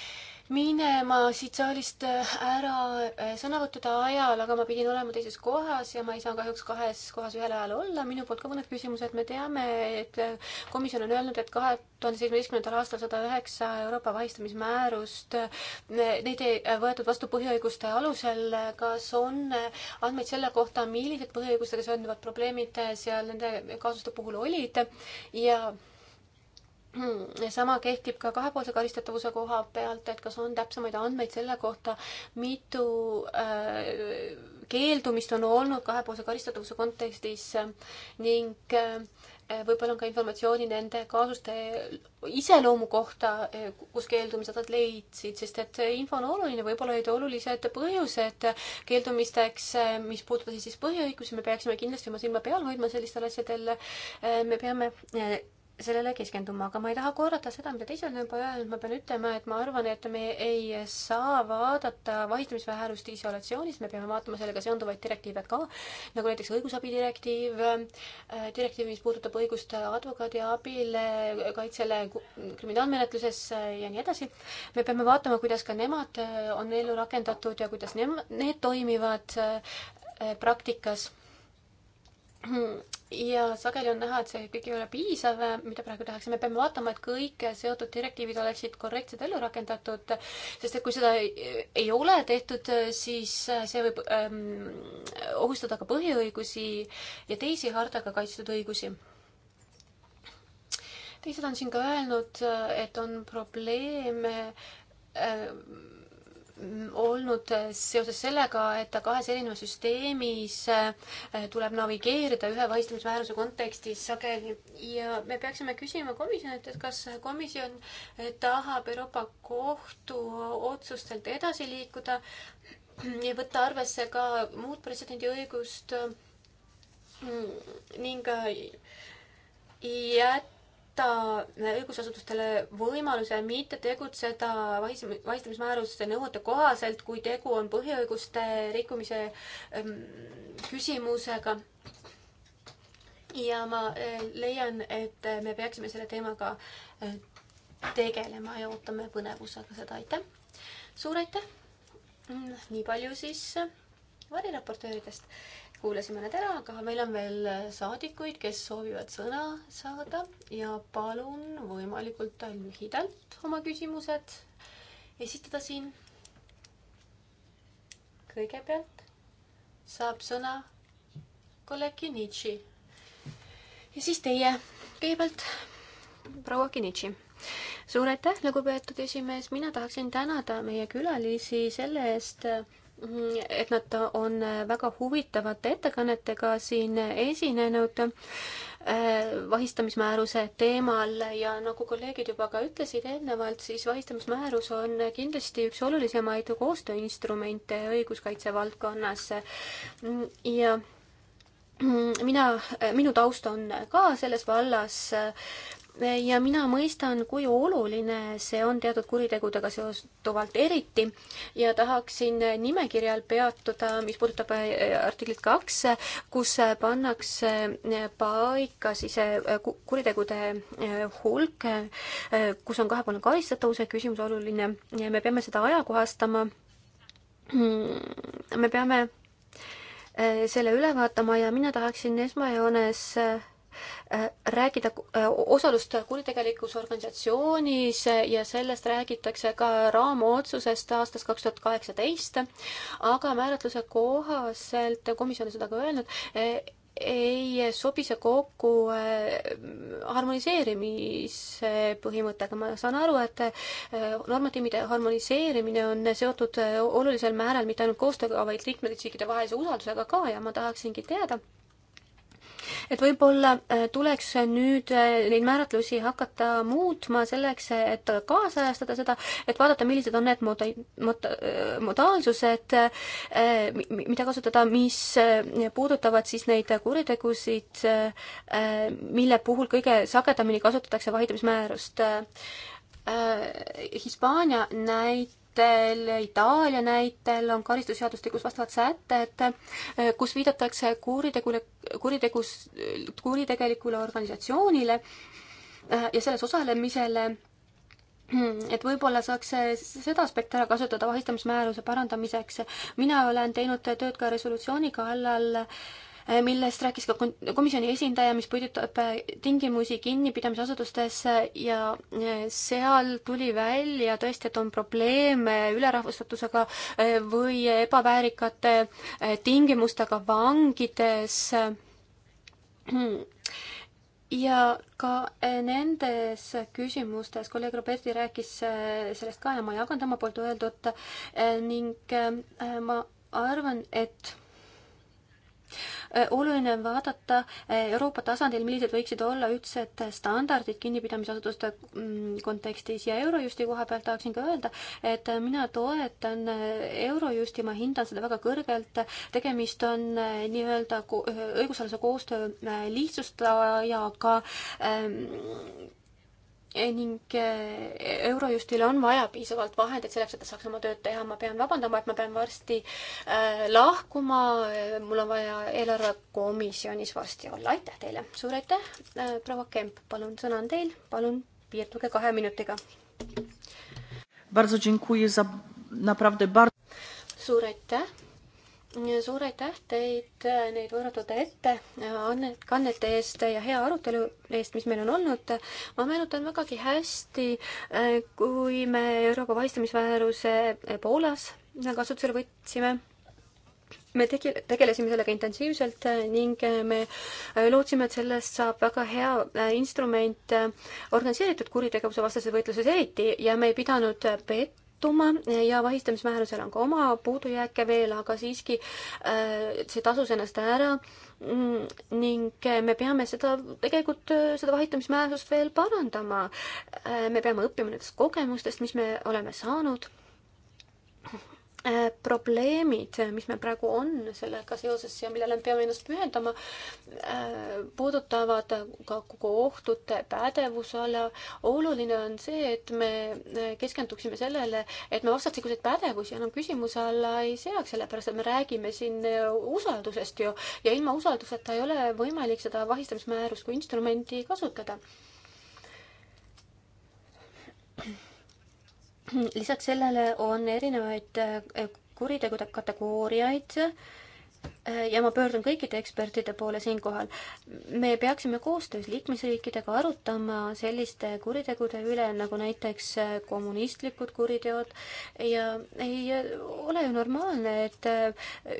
S3: minema siit saalist äh, ära äh, sõnavõttude ajal, aga ma pidin olema teises kohas ja ma ei saa kahjuks kahes kohas ühel ajal olla. minu poolt ka mõned küsimused. me teame, et äh, komisjon on öelnud, et kahe tuhande seitsmeteistkümnendal aastal sada üheksa Euroopa vahistamismäärust, neid ei võetud vastu põhiõiguste alusel. kas on andmeid selle kohta, millised põhiõigustega seonduvad probleemid seal nende kaasuste puhul olid ja Hmm, sama kehtib ka kahepoolse karistatavuse koha pealt, et kas on täpsemaid andmeid selle kohta, mitu äh, keeldumist on olnud kahepoolse karistatavuse kontekstis äh, ning äh, võib-olla on ka informatsiooni nende kaasuste iseloomu kohta, äh, kus keeldumised nad leidsid, sest et info on oluline, võib-olla olid olulised põhjused keeldumisteks, äh, mis puudutasid siis põhiõigusi, me peaksime kindlasti oma silma peal hoidma sellistel asjadel. me peame sellele keskenduma, aga ma ei taha korrata seda, mida teised on juba öelnud, ma pean ütlema, et ma arvan, et me ei saa vaadata vahistamisväärust isolatsioonis, me peame vaatama sellega seonduvaid direktiive ka, nagu näiteks õigusabi direktiiv, äh, direktiiv, mis puudutab õigust advokaadi abile, kaitsele kriminaalmenetluses ja nii edasi. me peame vaatama, kuidas ka nemad äh, on ellu rakendatud ja kuidas nem-, need toimivad äh, praktikas ja sageli on näha, et see kõik ei ole piisav, mida praegu tehakse, me peame vaatama, et kõik seotud direktiivid oleksid korrektselt ellu rakendatud, sest et kui seda ei ole tehtud, siis see võib ähm, ohustada ka põhiõigusi ja teisi hardaga kaitstud õigusi teised on siin ka öelnud, et on probleeme ähm, olnud seoses sellega, et kahes erinevas süsteemis äh, tuleb navigeerida ühe vahistamismääruse kontekstis sageli ja me peaksime küsima komisjonilt, et kas komisjon äh, tahab Euroopa Kohtu otsustelt edasi liikuda ja võtta arvesse ka muud presidendi õigust mm, ning äh, jät-, anda õigusasutustele võimaluse mitte tegutseda vahistamismääruse nõuete kohaselt, kui tegu on põhiõiguste rikkumise ehm, küsimusega. ja ma eh, leian, et me peaksime selle teemaga eh, tegelema ja ootame põnevusega seda, aitäh! suur aitäh! Mm, nii palju siis eh, variraportööridest kuulasime nad ära, aga meil on veel saadikuid, kes soovivad sõna saada ja palun võimalikult lühidalt oma küsimused esitada siin. kõigepealt saab sõna kolleeg Kinitši. ja siis teie, kõigepealt proua Kinitši suur aitäh, lugupeetud esimees, mina tahaksin tänada meie külalisi selle eest, et nad on väga huvitavate ettekannetega siin esinenud äh, vahistamismääruse teemal ja nagu kolleegid juba ka ütlesid eelnevalt, siis vahistamismäärus on kindlasti üks olulisemaid koostööinstrumente õiguskaitse valdkonnas ja mina, minu taust on ka selles vallas ja mina mõistan, kui oluline see on teatud kuritegudega seostuvalt eriti ja tahaksin nimekirjal peatuda, mis puudutab äh, artiklit kaks, kus pannakse paika siis äh, kuritegude äh, hulk, kus on kahepoolne karistatavuse küsimus oluline ja me peame seda ajakohastama. Mm, me peame selle üle vaatama ja mina tahaksin esmajoones Äh, rääkida äh, osalust kuritegelikus organisatsioonis ja sellest räägitakse ka raamotsusest aastast kaks tuhat kaheksateist, aga määratluse kohaselt, komisjon on seda ka öelnud, e-, ei sobi see kokku äh, harmoniseerimise põhimõttega, ma saan aru, et normatiivide harmoniseerimine on seotud olulisel määral mitte ainult koostööga, vaid liikmesriikide vahelise usaldusega ka ja ma tahaksingi teada, et võib-olla äh, tuleks nüüd äh, neid määratlusi hakata muutma selleks, et kaasajastada seda, et vaadata, millised on need moda-, moda-, äh, modaalsused, mida kasutada, mis puudutavad siis neid kuritegusid, mille puhul kõige sagedamini kasutatakse vahindamismäärust. Hispaania näit-, näitel, Itaalia näitel on karistusseadustikus vastavad sätted, kus viidatakse kuritegule, kuritegus, kuritegelikule organisatsioonile äh, ja selles osalemisele, et võib-olla saaks seda aspekti ära kasutada vahistamismääruse parandamiseks. mina olen teinud tööd ka resolutsiooni kallal ka Äh, millest rääkis ka komisjoni esindaja, mis puudutab äh, tingimusi kinnipidamisasutustes äh, ja seal tuli välja tõesti, et on probleeme ülerahvustatusega või ebaväärikate tingimustega vangides. ja ka nendes küsimustes, kolleeg Roberti rääkis sellest ka ja ma jagan tema poolt öeldut ning ma arvan, et Äh, oluline on vaadata äh, Euroopa tasandil, millised võiksid olla ühtsed standardid kinnipidamisasutuste mm, kontekstis ja Eurojusti koha pealt tahaksin ka öelda, et äh, mina toetan Eurojusti, ma hindan seda väga kõrgelt, tegemist on nii-öelda õigusalase koostöö lihtsustajaga ähm, Eh, ning eh, Eurojustile on vaja piisavalt vahendeid selleks, et ta saaks oma tööd teha. ma pean vabandama, et ma pean varsti eh, lahkuma. mul on vaja eelarvekomisjonis varsti olla. aitäh teile, suur aitäh. proua Kemp, palun, sõna on teil, palun piirduge kahe minutiga. suur aitäh suur aitäh teid äh, neid võõratud ette äh, annet, kannete eest ja hea arutelu eest, mis meil on olnud. ma meenutan vägagi hästi, äh, kui me Euroopa vahistamisvääruse Poolas kasutusele võtsime me tegi-, tegelesime sellega intensiivselt ning me lootsime, et sellest saab väga hea instrument organiseeritud kuritegevuse vastases võitluses eriti ja me ei pidanud pet-, muutuma ja vahistamismäärusel on ka oma puudujääke veel, aga siiski äh, see tasus ennast ära mm, ning äh, me peame seda, tegelikult äh, seda vahitamismäärust veel parandama. me peame õppima nendest kogemustest, mis me oleme saanud Äh, probleemid, äh, mis meil praegu on sellega seoses ja millele me peame ennast pühendama, äh, puudutavad ka kohtute pädevusala. oluline on see, et me keskenduksime sellele, et me vastastikuseid pädevusi enam küsimuse alla ei seaks, sellepärast et me räägime siin usaldusest ju ja ilma usalduseta ei ole võimalik seda vahistamismäärust kui instrumenti kasutada lisaks sellele on erinevaid äh, kuritegude kategooriaid Äh, ja ma pöördun kõikide ekspertide poole siinkohal, me peaksime koostöös liikmesriikidega arutama selliste kuritegude üle, nagu näiteks äh, kommunistlikud kuriteod ja ei äh, ole ju normaalne, et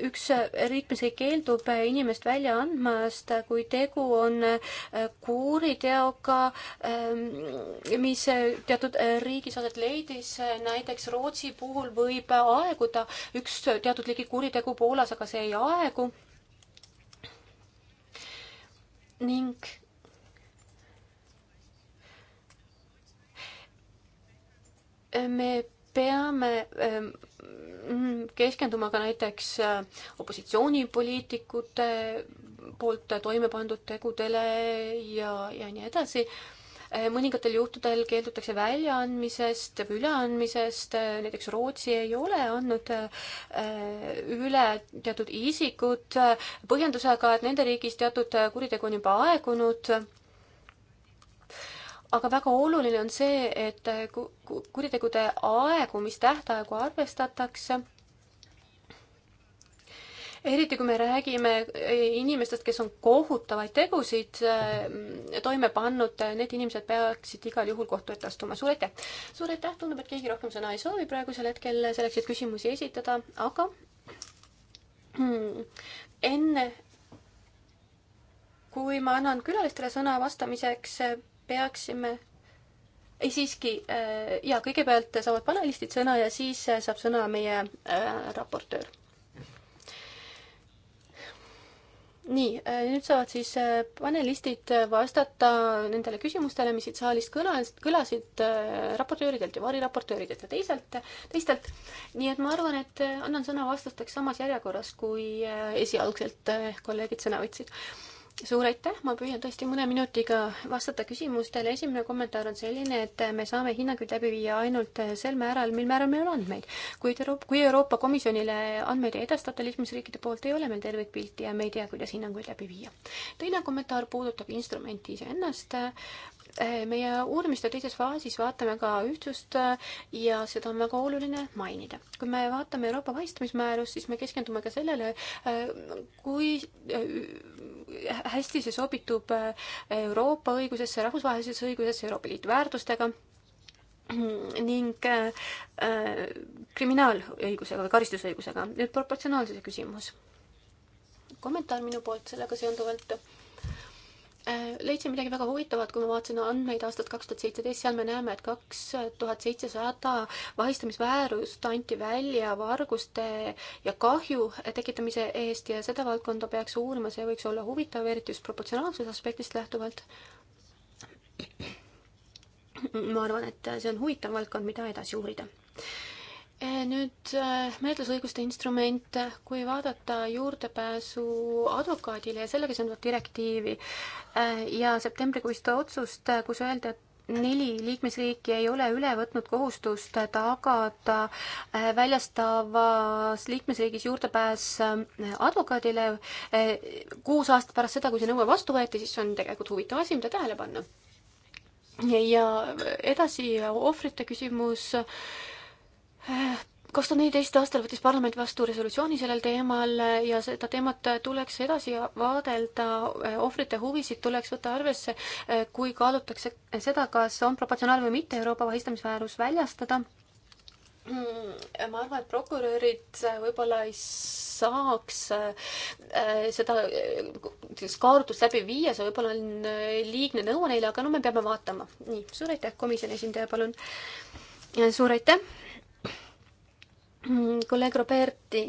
S3: üks liikmesriik keeldub inimest välja andmast, kui tegu on kuriteoga, ähm, mis teatud riigis aset leidis, näiteks Rootsi puhul võib aeguda üks teatud ligi kuritegu Poolas, aga see ei aegu, praegu ning me peame ähm, keskenduma ka näiteks äh, opositsioonipoliitikute poolt toime pandud tegudele ja, ja nii edasi Äh, mõningatel juhtudel keeldutakse väljaandmisest või üleandmisest, äh, näiteks Rootsi ei ole andnud äh, üle teatud isikud põhjendusega, et nende riigis teatud kuritegu on juba aegunud aga väga oluline on see, et kuritegude aegumistähtaegu arvestatakse eriti kui me räägime e, inimestest, kes on kohutavaid tegusid e, toime pannud, e, need inimesed peaksid igal juhul kohtu ette astuma. suur aitäh! suur aitäh, tundub, et keegi rohkem sõna ei soovi praegusel hetkel selleks, et küsimusi esitada, aga hmm, enne kui ma annan külalistele sõna vastamiseks, peaksime ei siiski, ja kõigepealt saavad panelistid sõna ja siis saab sõna meie raportöör nii, äh, nüüd saavad siis äh, panelistid äh, vastata nendele küsimustele, mis siit saalist kõlas, kõlasid raportööridelt ja variraportööridelt ja teiselt, teistelt. nii et ma arvan, et annan sõna vastusteks samas järjekorras, kui esialgselt kolleegid sõna võtsid suur aitäh, ma püüan tõesti mõne minutiga vastata küsimustele. esimene kommentaar on selline, et me saame hinnanguid läbi viia ainult sel määral, mil määral meil on andmeid. kuid Euroopa, kui Euroopa Komisjonile andmeid ei edastata liikmesriikide poolt, ei ole meil tervikpilti ja me ei tea, kuidas hinnanguid läbi viia. teine kommentaar puudutab instrumenti iseennast. Eh, meie uurimistöö teises faasis vaatame ka ühtsust eh, ja seda on väga oluline mainida. kui me vaatame Euroopa paistmismäärust, siis me keskendume ka sellele, eh, kui hästi see sobitub Euroopa õigusesse, rahvusvahelisesse õigusesse, Euroopa Liidu väärtustega ning kriminaalõigusega või karistusõigusega. nüüd proportsionaalsuse küsimus kommentaar minu poolt sellega seonduvalt. Äh, leidsin midagi väga huvitavat, kui ma vaatasin andmeid aastast kaks tuhat seitseteist, seal me näeme, et kaks tuhat seitsesada vahistamismäärust anti välja varguste ja kahju tekitamise eest ja seda valdkonda peaks uurima, see võiks olla huvitav, eriti just proportsionaalsuse aspektist lähtuvalt. ma arvan, et see on huvitav valdkond, mida edasi uurida Eh, nüüd eh, menetlusõiguste instrument, eh, kui vaadata juurdepääsu advokaadile ja sellega seonduvat direktiivi ja septembrikuist otsust, kus öeldi, et neli liikmesriiki ei ole üle võtnud kohustust tagada väljastavas liikmesriigis juurdepääs advokaadile kuus aastat pärast seda, kui see nõue vastu võeti, siis see on tegelikult huvitav asi, mida tähele panna. ja edasi ohvrite küsimus kaks tuhat neliteist aastal võttis parlament vastu resolutsiooni sellel teemal ja seda teemat tuleks edasi vaadelda, ohvrite huvisid tuleks võtta arvesse, kui kaalutakse seda, kas on proportsionaalne või mitte Euroopa vahistamisväärus väljastada. ma arvan, et prokurörid võib-olla ei saaks äh, seda kaardust läbi viia, see võib-olla on äh, liigne nõue neile, aga no me peame vaatama. nii, suur aitäh, komisjoni esindaja, palun. suur aitäh Mm, kolleeg Roberti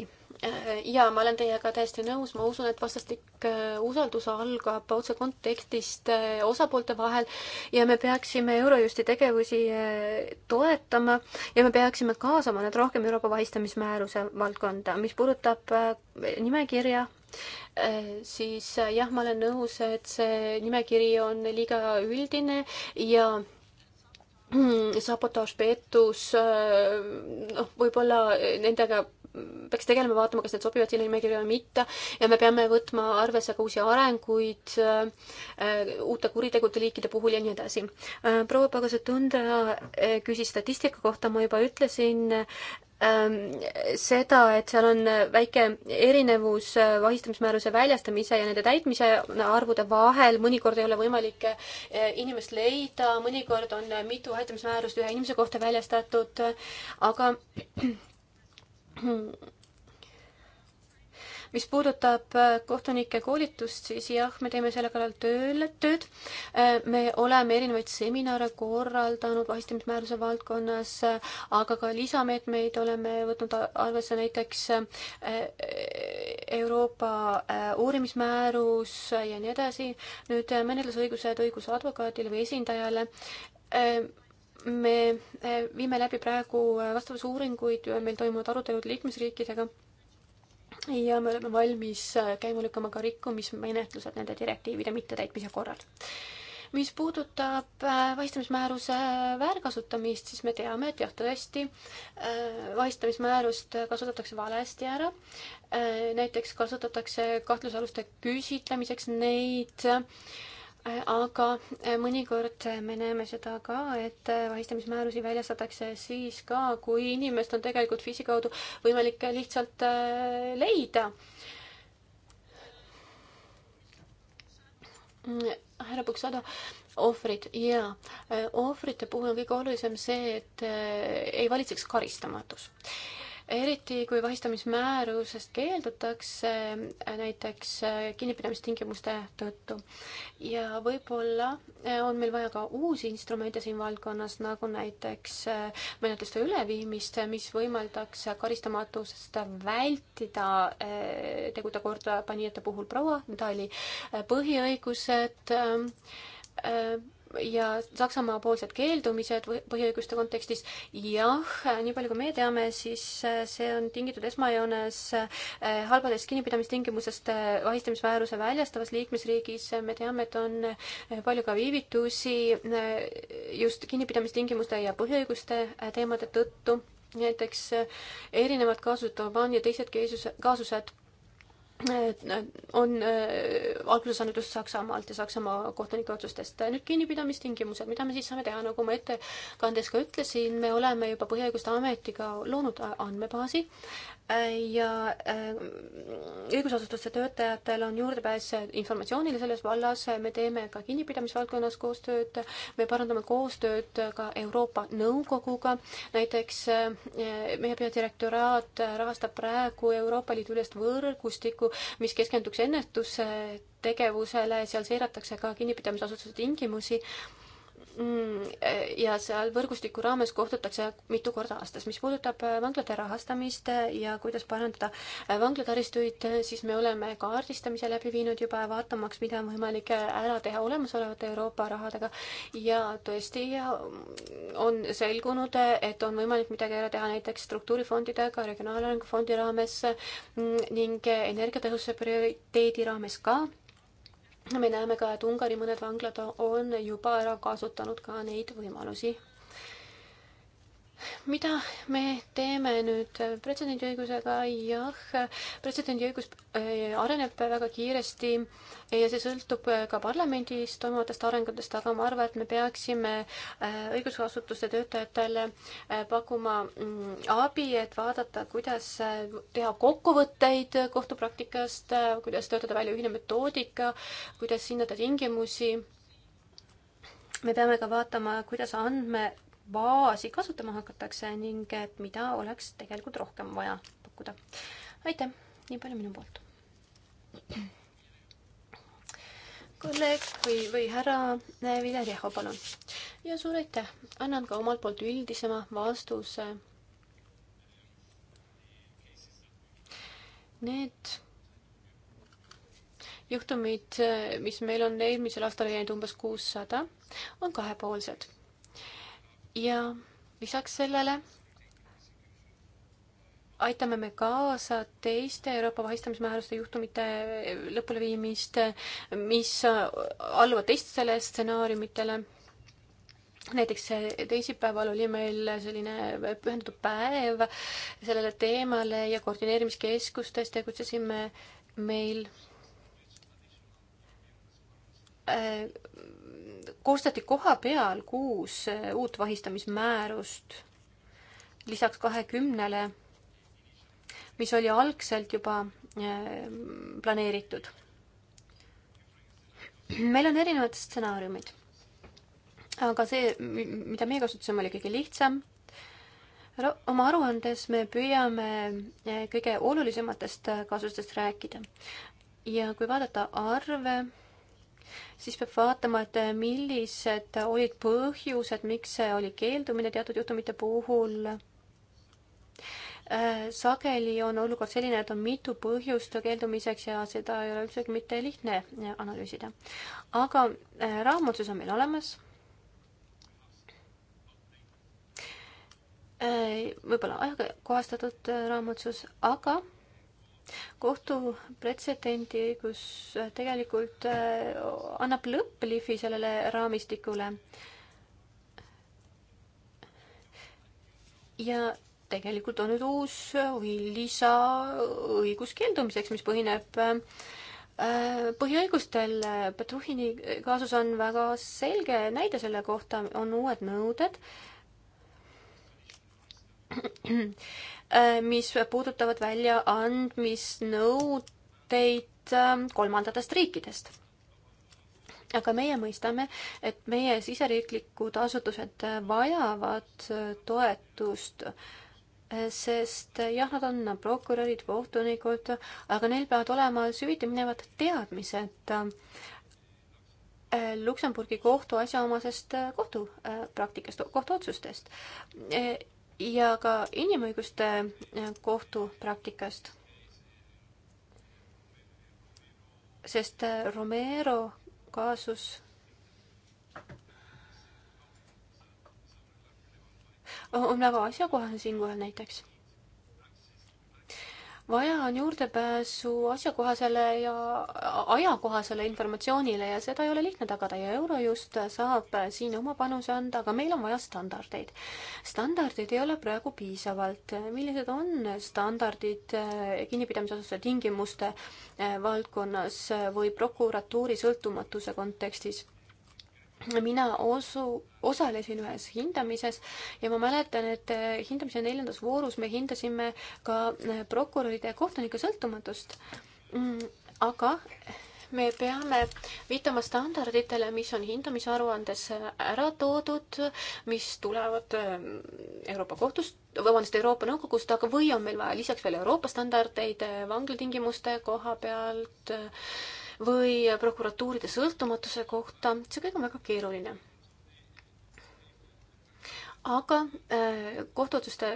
S3: äh, jaa, ma olen teiega täiesti nõus, ma usun, et vastastik äh, usaldus algab otse kontekstist äh, osapoolte vahel ja me peaksime Eurojusti tegevusi toetama ja me peaksime kaasama nad rohkem Euroopa vahistamismääruse valdkonda. mis puudutab nimekirja, siis jah, ma olen nõus, et see nimekiri on liiga üldine ja sabotaaž, pettus, äh, noh, võib-olla nendega peaks tegelema, vaatama, kas need sobivad sinna nimekirja või mitte ja me peame võtma arvesse ka uusi arenguid äh, uute kuritegude liikide puhul ja nii edasi. Äh, proua Pagasetundra äh, küsis statistika kohta, ma juba ütlesin ähm, seda, et seal on väike erinevus vahistamismääruse väljastamise ja nende täitmise arvude vahel, mõnikord ei ole võimalik inimest leida, mõnikord on mitu vahistamismäärust ühe inimese kohta väljastatud, aga mis puudutab äh, kohtunike koolitust, siis jah, me teeme selle kallal tööl, tööd. Äh, me oleme erinevaid seminare korraldanud vahistamismääruse valdkonnas, äh, aga ka lisameetmeid oleme võtnud arvesse näiteks Euroopa uurimismäärus ja nii edasi. nüüd menetlusõigused õiguse advokaadile või esindajale me eh, viime läbi praegu eh, vastavusuuringuid, meil toimuvad arutelud liikmesriikidega ja me oleme valmis eh, käima lükkama ka rikkumismenetlused nende direktiivide mittetäitmise korral. mis puudutab vahistamismääruse väärkasutamist, siis me teame, et jah, tõesti, vahistamismäärust kasutatakse valesti ära. näiteks kasutatakse kahtlusaluste küsitlemiseks neid aga eh, mõnikord me näeme seda ka, et eh, vahistamismäärusi väljastatakse siis ka, kui inimest on tegelikult FIS-i kaudu võimalik lihtsalt eh, leida. Mm, härra Puksado, ohvrid, jaa. ohvrite puhul on kõige olulisem see, et ei valitseks karistamatus eriti kui vahistamismäärusest keeldutakse äh, näiteks äh, kinnipidamistingimuste tõttu. ja võib-olla äh, on meil vaja ka uusi instrumente siin valdkonnas, nagu näiteks menetluste üleviimist, mis võimaldaks karistamatusest vältida tegude kordapanijate puhul proua Dali põhiõigused ja Saksamaa poolsed keeldumised põhiõiguste kontekstis, jah, nii palju kui meie teame, siis äh, see on tingitud esmajoones äh, halbadest kinnipidamistingimustest äh, vahistamismääruse väljastavas liikmesriigis. me teame, et on palju ka viivitusi just kinnipidamistingimuste ja põhiõiguste teemade tõttu. näiteks erinevad kaasused, Orbán ja teised keisus, kaasused on äh, alguse saanud just Saksamaalt ja Saksamaa kohtunike otsustest. nüüd kinnipidamistingimused, mida me siis saame teha, nagu ma ettekandes ka ütlesin, me oleme juba Põhiõiguste Ametiga loonud andmebaasi, ja äh, õigusasutuste töötajatel on juurdepääs informatsioonile selles vallas, me teeme ka kinnipidamisvaldkonnas koostööd, me parandame koostööd ka Euroopa Nõukoguga, näiteks äh, meie peadirektoraat rahastab praegu Euroopa Liidu ülest võrgustikku, mis keskenduks ennetustegevusele, seal seiratakse ka kinnipidamisasutuse tingimusi Mm, ja seal võrgustiku raames kohtutakse mitu korda aastas. mis puudutab äh, vanglate rahastamist äh, ja kuidas parandada äh, vanglataristuid, siis me oleme kaardistamise läbi viinud juba, vaatamaks, mida on võimalik ära teha olemasolevate Euroopa rahadega. ja tõesti on selgunud, et on võimalik midagi ära teha näiteks struktuurifondidega, regionaalarengu fondi raames mm, ning energiatõhususe prioriteedi raames ka me näeme ka, et Ungari mõned vanglad on juba ära kasutanud ka neid võimalusi mida me teeme nüüd pretsedendiõigusega? jah, pretsedendiõigus äh, areneb väga kiiresti ja see sõltub äh, ka parlamendis toimuvatest arengutest, aga ma arvan, et me peaksime äh, õigusasutuste töötajatele pakkuma mm, abi, et vaadata, kuidas teha kokkuvõtteid kohtupraktikast, kuidas töötada välja ühine metoodika, kuidas hinnata tingimusi me peame ka vaatama, kuidas andme baasi kasutama hakatakse ning et mida oleks tegelikult rohkem vaja pakkuda. aitäh, nii palju minu poolt. kolleeg või, või härra eh, Viljar Jeho, palun. ja suur aitäh, annan ka omalt poolt üldisema vastuse. Need juhtumid, eh, mis meil on eelmisel aastal jäid umbes kuussada, on kahepoolsed ja lisaks sellele aitame me kaasa teiste Euroopa vahistamismääruste juhtumite lõpuleviimist, mis alluvad teistele stsenaariumitele. näiteks teisipäeval oli meil selline pühendatud päev sellele teemale ja koordineerimiskeskustes tegutsesime meil koostati koha peal kuus äh, uut vahistamismäärust lisaks kahekümnele, mis oli algselt juba äh, planeeritud. meil on erinevad stsenaariumid. aga see, mida meie kasutasime, oli kõige lihtsam oma aruandes me püüame äh, kõige olulisematest kasutustest rääkida. ja kui vaadata arve, siis peab vaatama, et millised olid põhjused, miks oli keeldumine teatud juhtumite puhul. Äh, sageli on olukord selline, et on mitu põhjust keeldumiseks ja seda ei ole üldsegi mitte lihtne äh, analüüsida. aga äh, raamotsus on meil olemas võib-olla ajakohastatud raamotsus, aga kohtu pretsedendiõigus äh, tegelikult äh, annab lõpplihvi sellele raamistikule. ja tegelikult on nüüd uus või lisa õigus keeldumiseks, mis põhineb äh, põhiõigustel. Petruhini kaasus on väga selge näide selle kohta, on uued nõuded Äh, mis puudutavad väljaandmisnõudeid ähm, kolmandatest riikidest. aga meie mõistame, et meie siseriiklikud asutused vajavad äh, toetust äh, sest jah, nad on prokurörid, kohtunikud, aga neil peavad olema süviti minevad teadmised Luksemburgi kohtu asjaomasest kohtupraktikast, kohtuotsustest ja ka inimõiguste äh, kohtu praktikast. sest äh, Romero kaasus on väga asjakohane siinkohal näiteks vaja on juurdepääsu asjakohasele ja ajakohasele informatsioonile ja seda ei ole lihtne tagada ja Eurojust saab siin oma panuse anda, aga meil on vaja standardeid. standardeid ei ole praegu piisavalt. millised on standardid eh, kinnipidamisasutuse tingimuste eh, valdkonnas või prokuratuuri sõltumatuse kontekstis? mina osu, osalesin ühes hindamises ja ma mäletan, et eh, hindamise neljandas voorus me hindasime ka eh, prokuröride ja kohtunike sõltumatust. Mm, aga me peame viitama standarditele, mis on hindamisaruandes eh, ära toodud, mis tulevad Euroopa kohtust, vabandust, Euroopa Nõukogust, aga või on meil vaja lisaks veel Euroopa standardeid vanglatingimuste koha pealt äh,, või prokuratuuride sõltumatuse kohta, see kõik on väga keeruline. aga äh, kohtuotsuste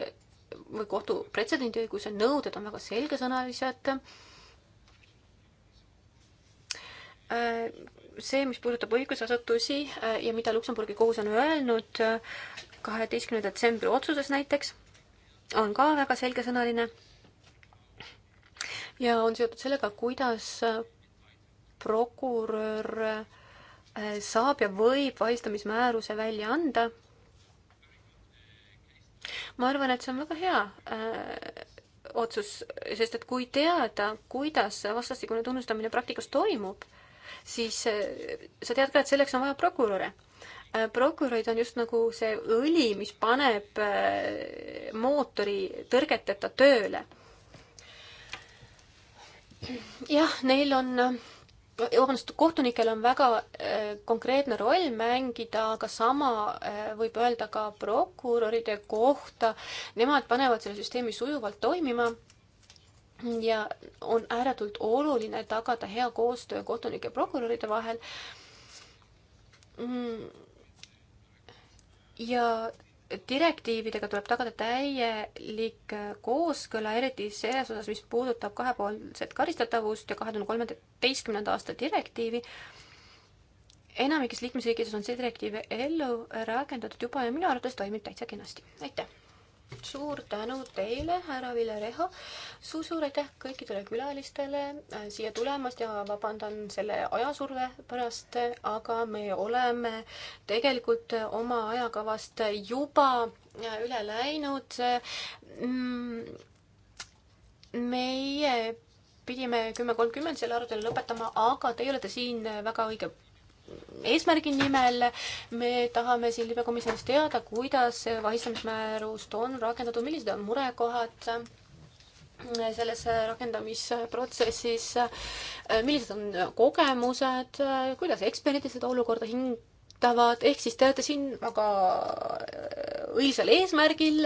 S3: või kohtu pretsedendiõiguse nõuded on väga selgesõnalised. Äh, see, mis puudutab õigusasutusi äh, ja mida Luksemburgi kohus on öelnud kaheteistkümnenda detsembri otsuses näiteks, on ka väga selgesõnaline. ja on seotud sellega, kuidas prokurör eh, saab ja võib vahistamismääruse välja anda. ma arvan, et see on väga hea äh, otsus, sest et kui teada, kuidas vastastikune tunnustamine praktikas toimub, siis äh, sa tead ka, et selleks on vaja prokuröre äh,. prokurörid on just nagu see õli, mis paneb mootori tõrgeteta tööle. jah, neil on Eh, vabandust, kohtunikel on väga eh, konkreetne roll mängida, aga sama eh, võib öelda ka prokuröride kohta. Nemad panevad selle süsteemi sujuvalt toimima ja on ääretult oluline tagada hea koostöö kohtunike ja prokuröride vahel. Mm. ja direktiividega tuleb tagada täielik kooskõla, eriti selles osas, mis puudutab kahepoolset karistatavust ja kahe tuhande kolmeteistkümnenda aasta direktiivi. enamikes liikmesriikides on see direktiiv ellu rakendatud juba ja minu arvates toimib täitsa kenasti. aitäh! suur tänu teile, härra Ville Reho Su,. suur-suur aitäh kõikidele külalistele äh, siia tulemast ja vabandan selle ajasurve pärast, aga me oleme tegelikult äh, oma ajakavast juba äh, üle läinud. Mm, meie pidime kümme kolmkümmend selle arutelu lõpetama, aga teie olete siin väga õige eesmärgi nimel. me tahame siin libekomisjonis teada, kuidas vahistamismäärust on rakendatud, millised on murekohad selles rakendamisprotsessis, millised on kogemused, kuidas eksperdid seda olukorda hin-, aitavad, ehk siis te olete siin väga äh, õilsal eesmärgil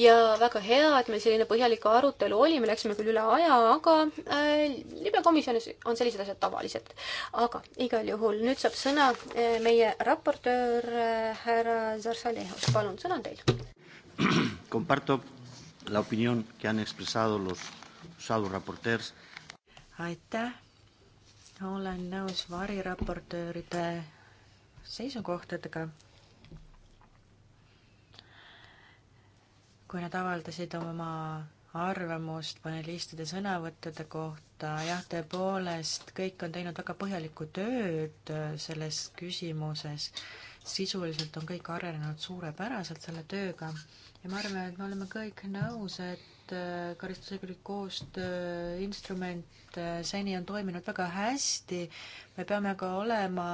S3: ja väga hea, et meil selline põhjalik arutelu oli, me läksime küll üle aja, aga äh, libekomisjonis on sellised asjad tavalised. aga igal juhul nüüd saab sõna äh, meie raportöör äh, härra Zarsalehos, palun, sõna on teil.
S1: Comparto la opinión que han expresado los usados raporteurs. aitäh, olen nõus variraportööride seisukohtadega. kui nad avaldasid oma arvamust panelistide sõnavõttude kohta, jah, tõepoolest, kõik on teinud väga põhjalikku tööd äh, selles küsimuses. sisuliselt on kõik arenenud suurepäraselt selle tööga ja ma arvan, et me oleme kõik nõus, et äh, karistusõiguslik koostöö instrument äh, seni on toiminud väga hästi. me peame aga olema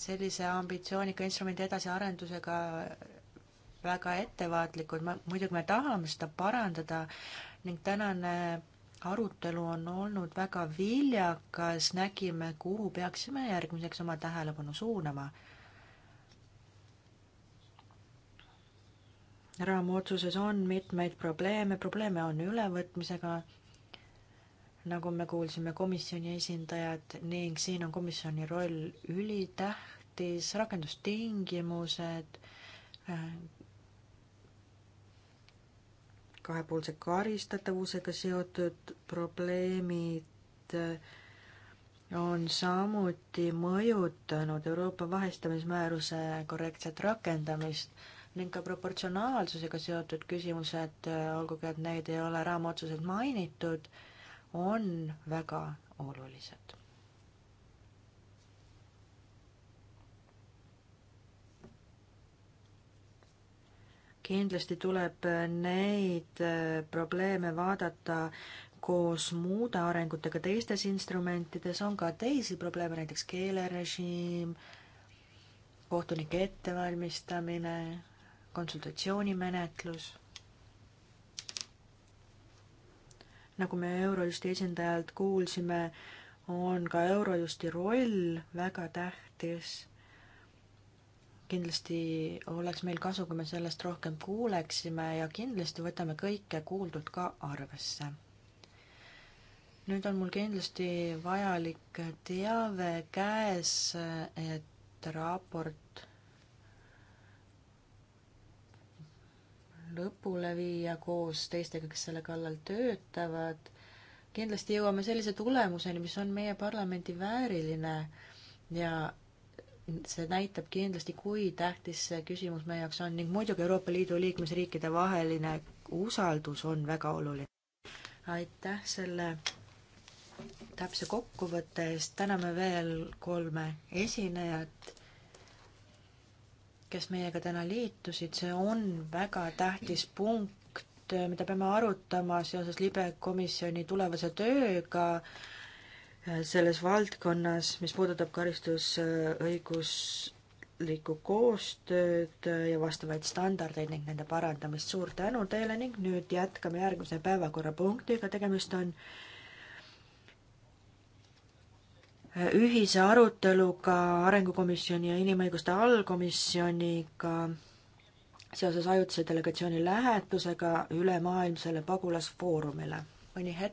S1: sellise ambitsioonika instrumendi edasiarendusega väga ettevaatlikud, ma, muidugi me tahame seda parandada ning tänane arutelu on olnud väga viljakas, nägime, kuhu peaksime järgmiseks oma tähelepanu suunama. raamotsuses on mitmeid probleeme, probleeme on ülevõtmisega nagu me kuulsime, komisjoni esindajad ning siin on komisjoni roll ülitähtis, rakendustingimused, äh, kahepoolse karistatavusega seotud probleemid äh, on samuti mõjutanud Euroopa vahistamismääruse korrektset rakendamist ning ka proportsionaalsusega seotud küsimused, äh, olgugi et neid ei ole raamotsuses mainitud, on väga olulised. kindlasti tuleb neid äh, probleeme vaadata koos muude arengutega teistes instrumentides, on ka teisi probleeme, näiteks keelerežiim, kohtunike ettevalmistamine, konsultatsioonimenetlus nagu me Eurojusti esindajalt kuulsime, on ka Eurojusti roll väga tähtis. kindlasti oleks meil kasu, kui me sellest rohkem kuuleksime ja kindlasti võtame kõike kuuldut ka arvesse. nüüd on mul kindlasti vajalik teave käes, et raport lõpule viia koos teistega, kes selle kallal töötavad. kindlasti jõuame sellise tulemuseni, mis on meie parlamendi vääriline ja see näitab kindlasti, kui tähtis see küsimus meie jaoks on ning muidugi Euroopa Liidu liikmesriikide vaheline usaldus on väga oluline. aitäh selle täpse kokkuvõtte eest, täname veel kolme esinejat kes meiega täna liitusid, see on väga tähtis punkt, mida peame arutama seoses libe komisjoni tulevase tööga selles valdkonnas, mis puudutab karistusõiguslikku koostööd ja vastavaid standardeid ning nende parandamist. suur tänu teile ning nüüd jätkame järgmise päevakorrapunktiga, tegemist on ühise aruteluga Arengukomisjoni ja Inimõiguste allkomisjoniga seoses ajutise delegatsiooni lähetusega ülemaailmsele pagulasfoorumile. mõni hetk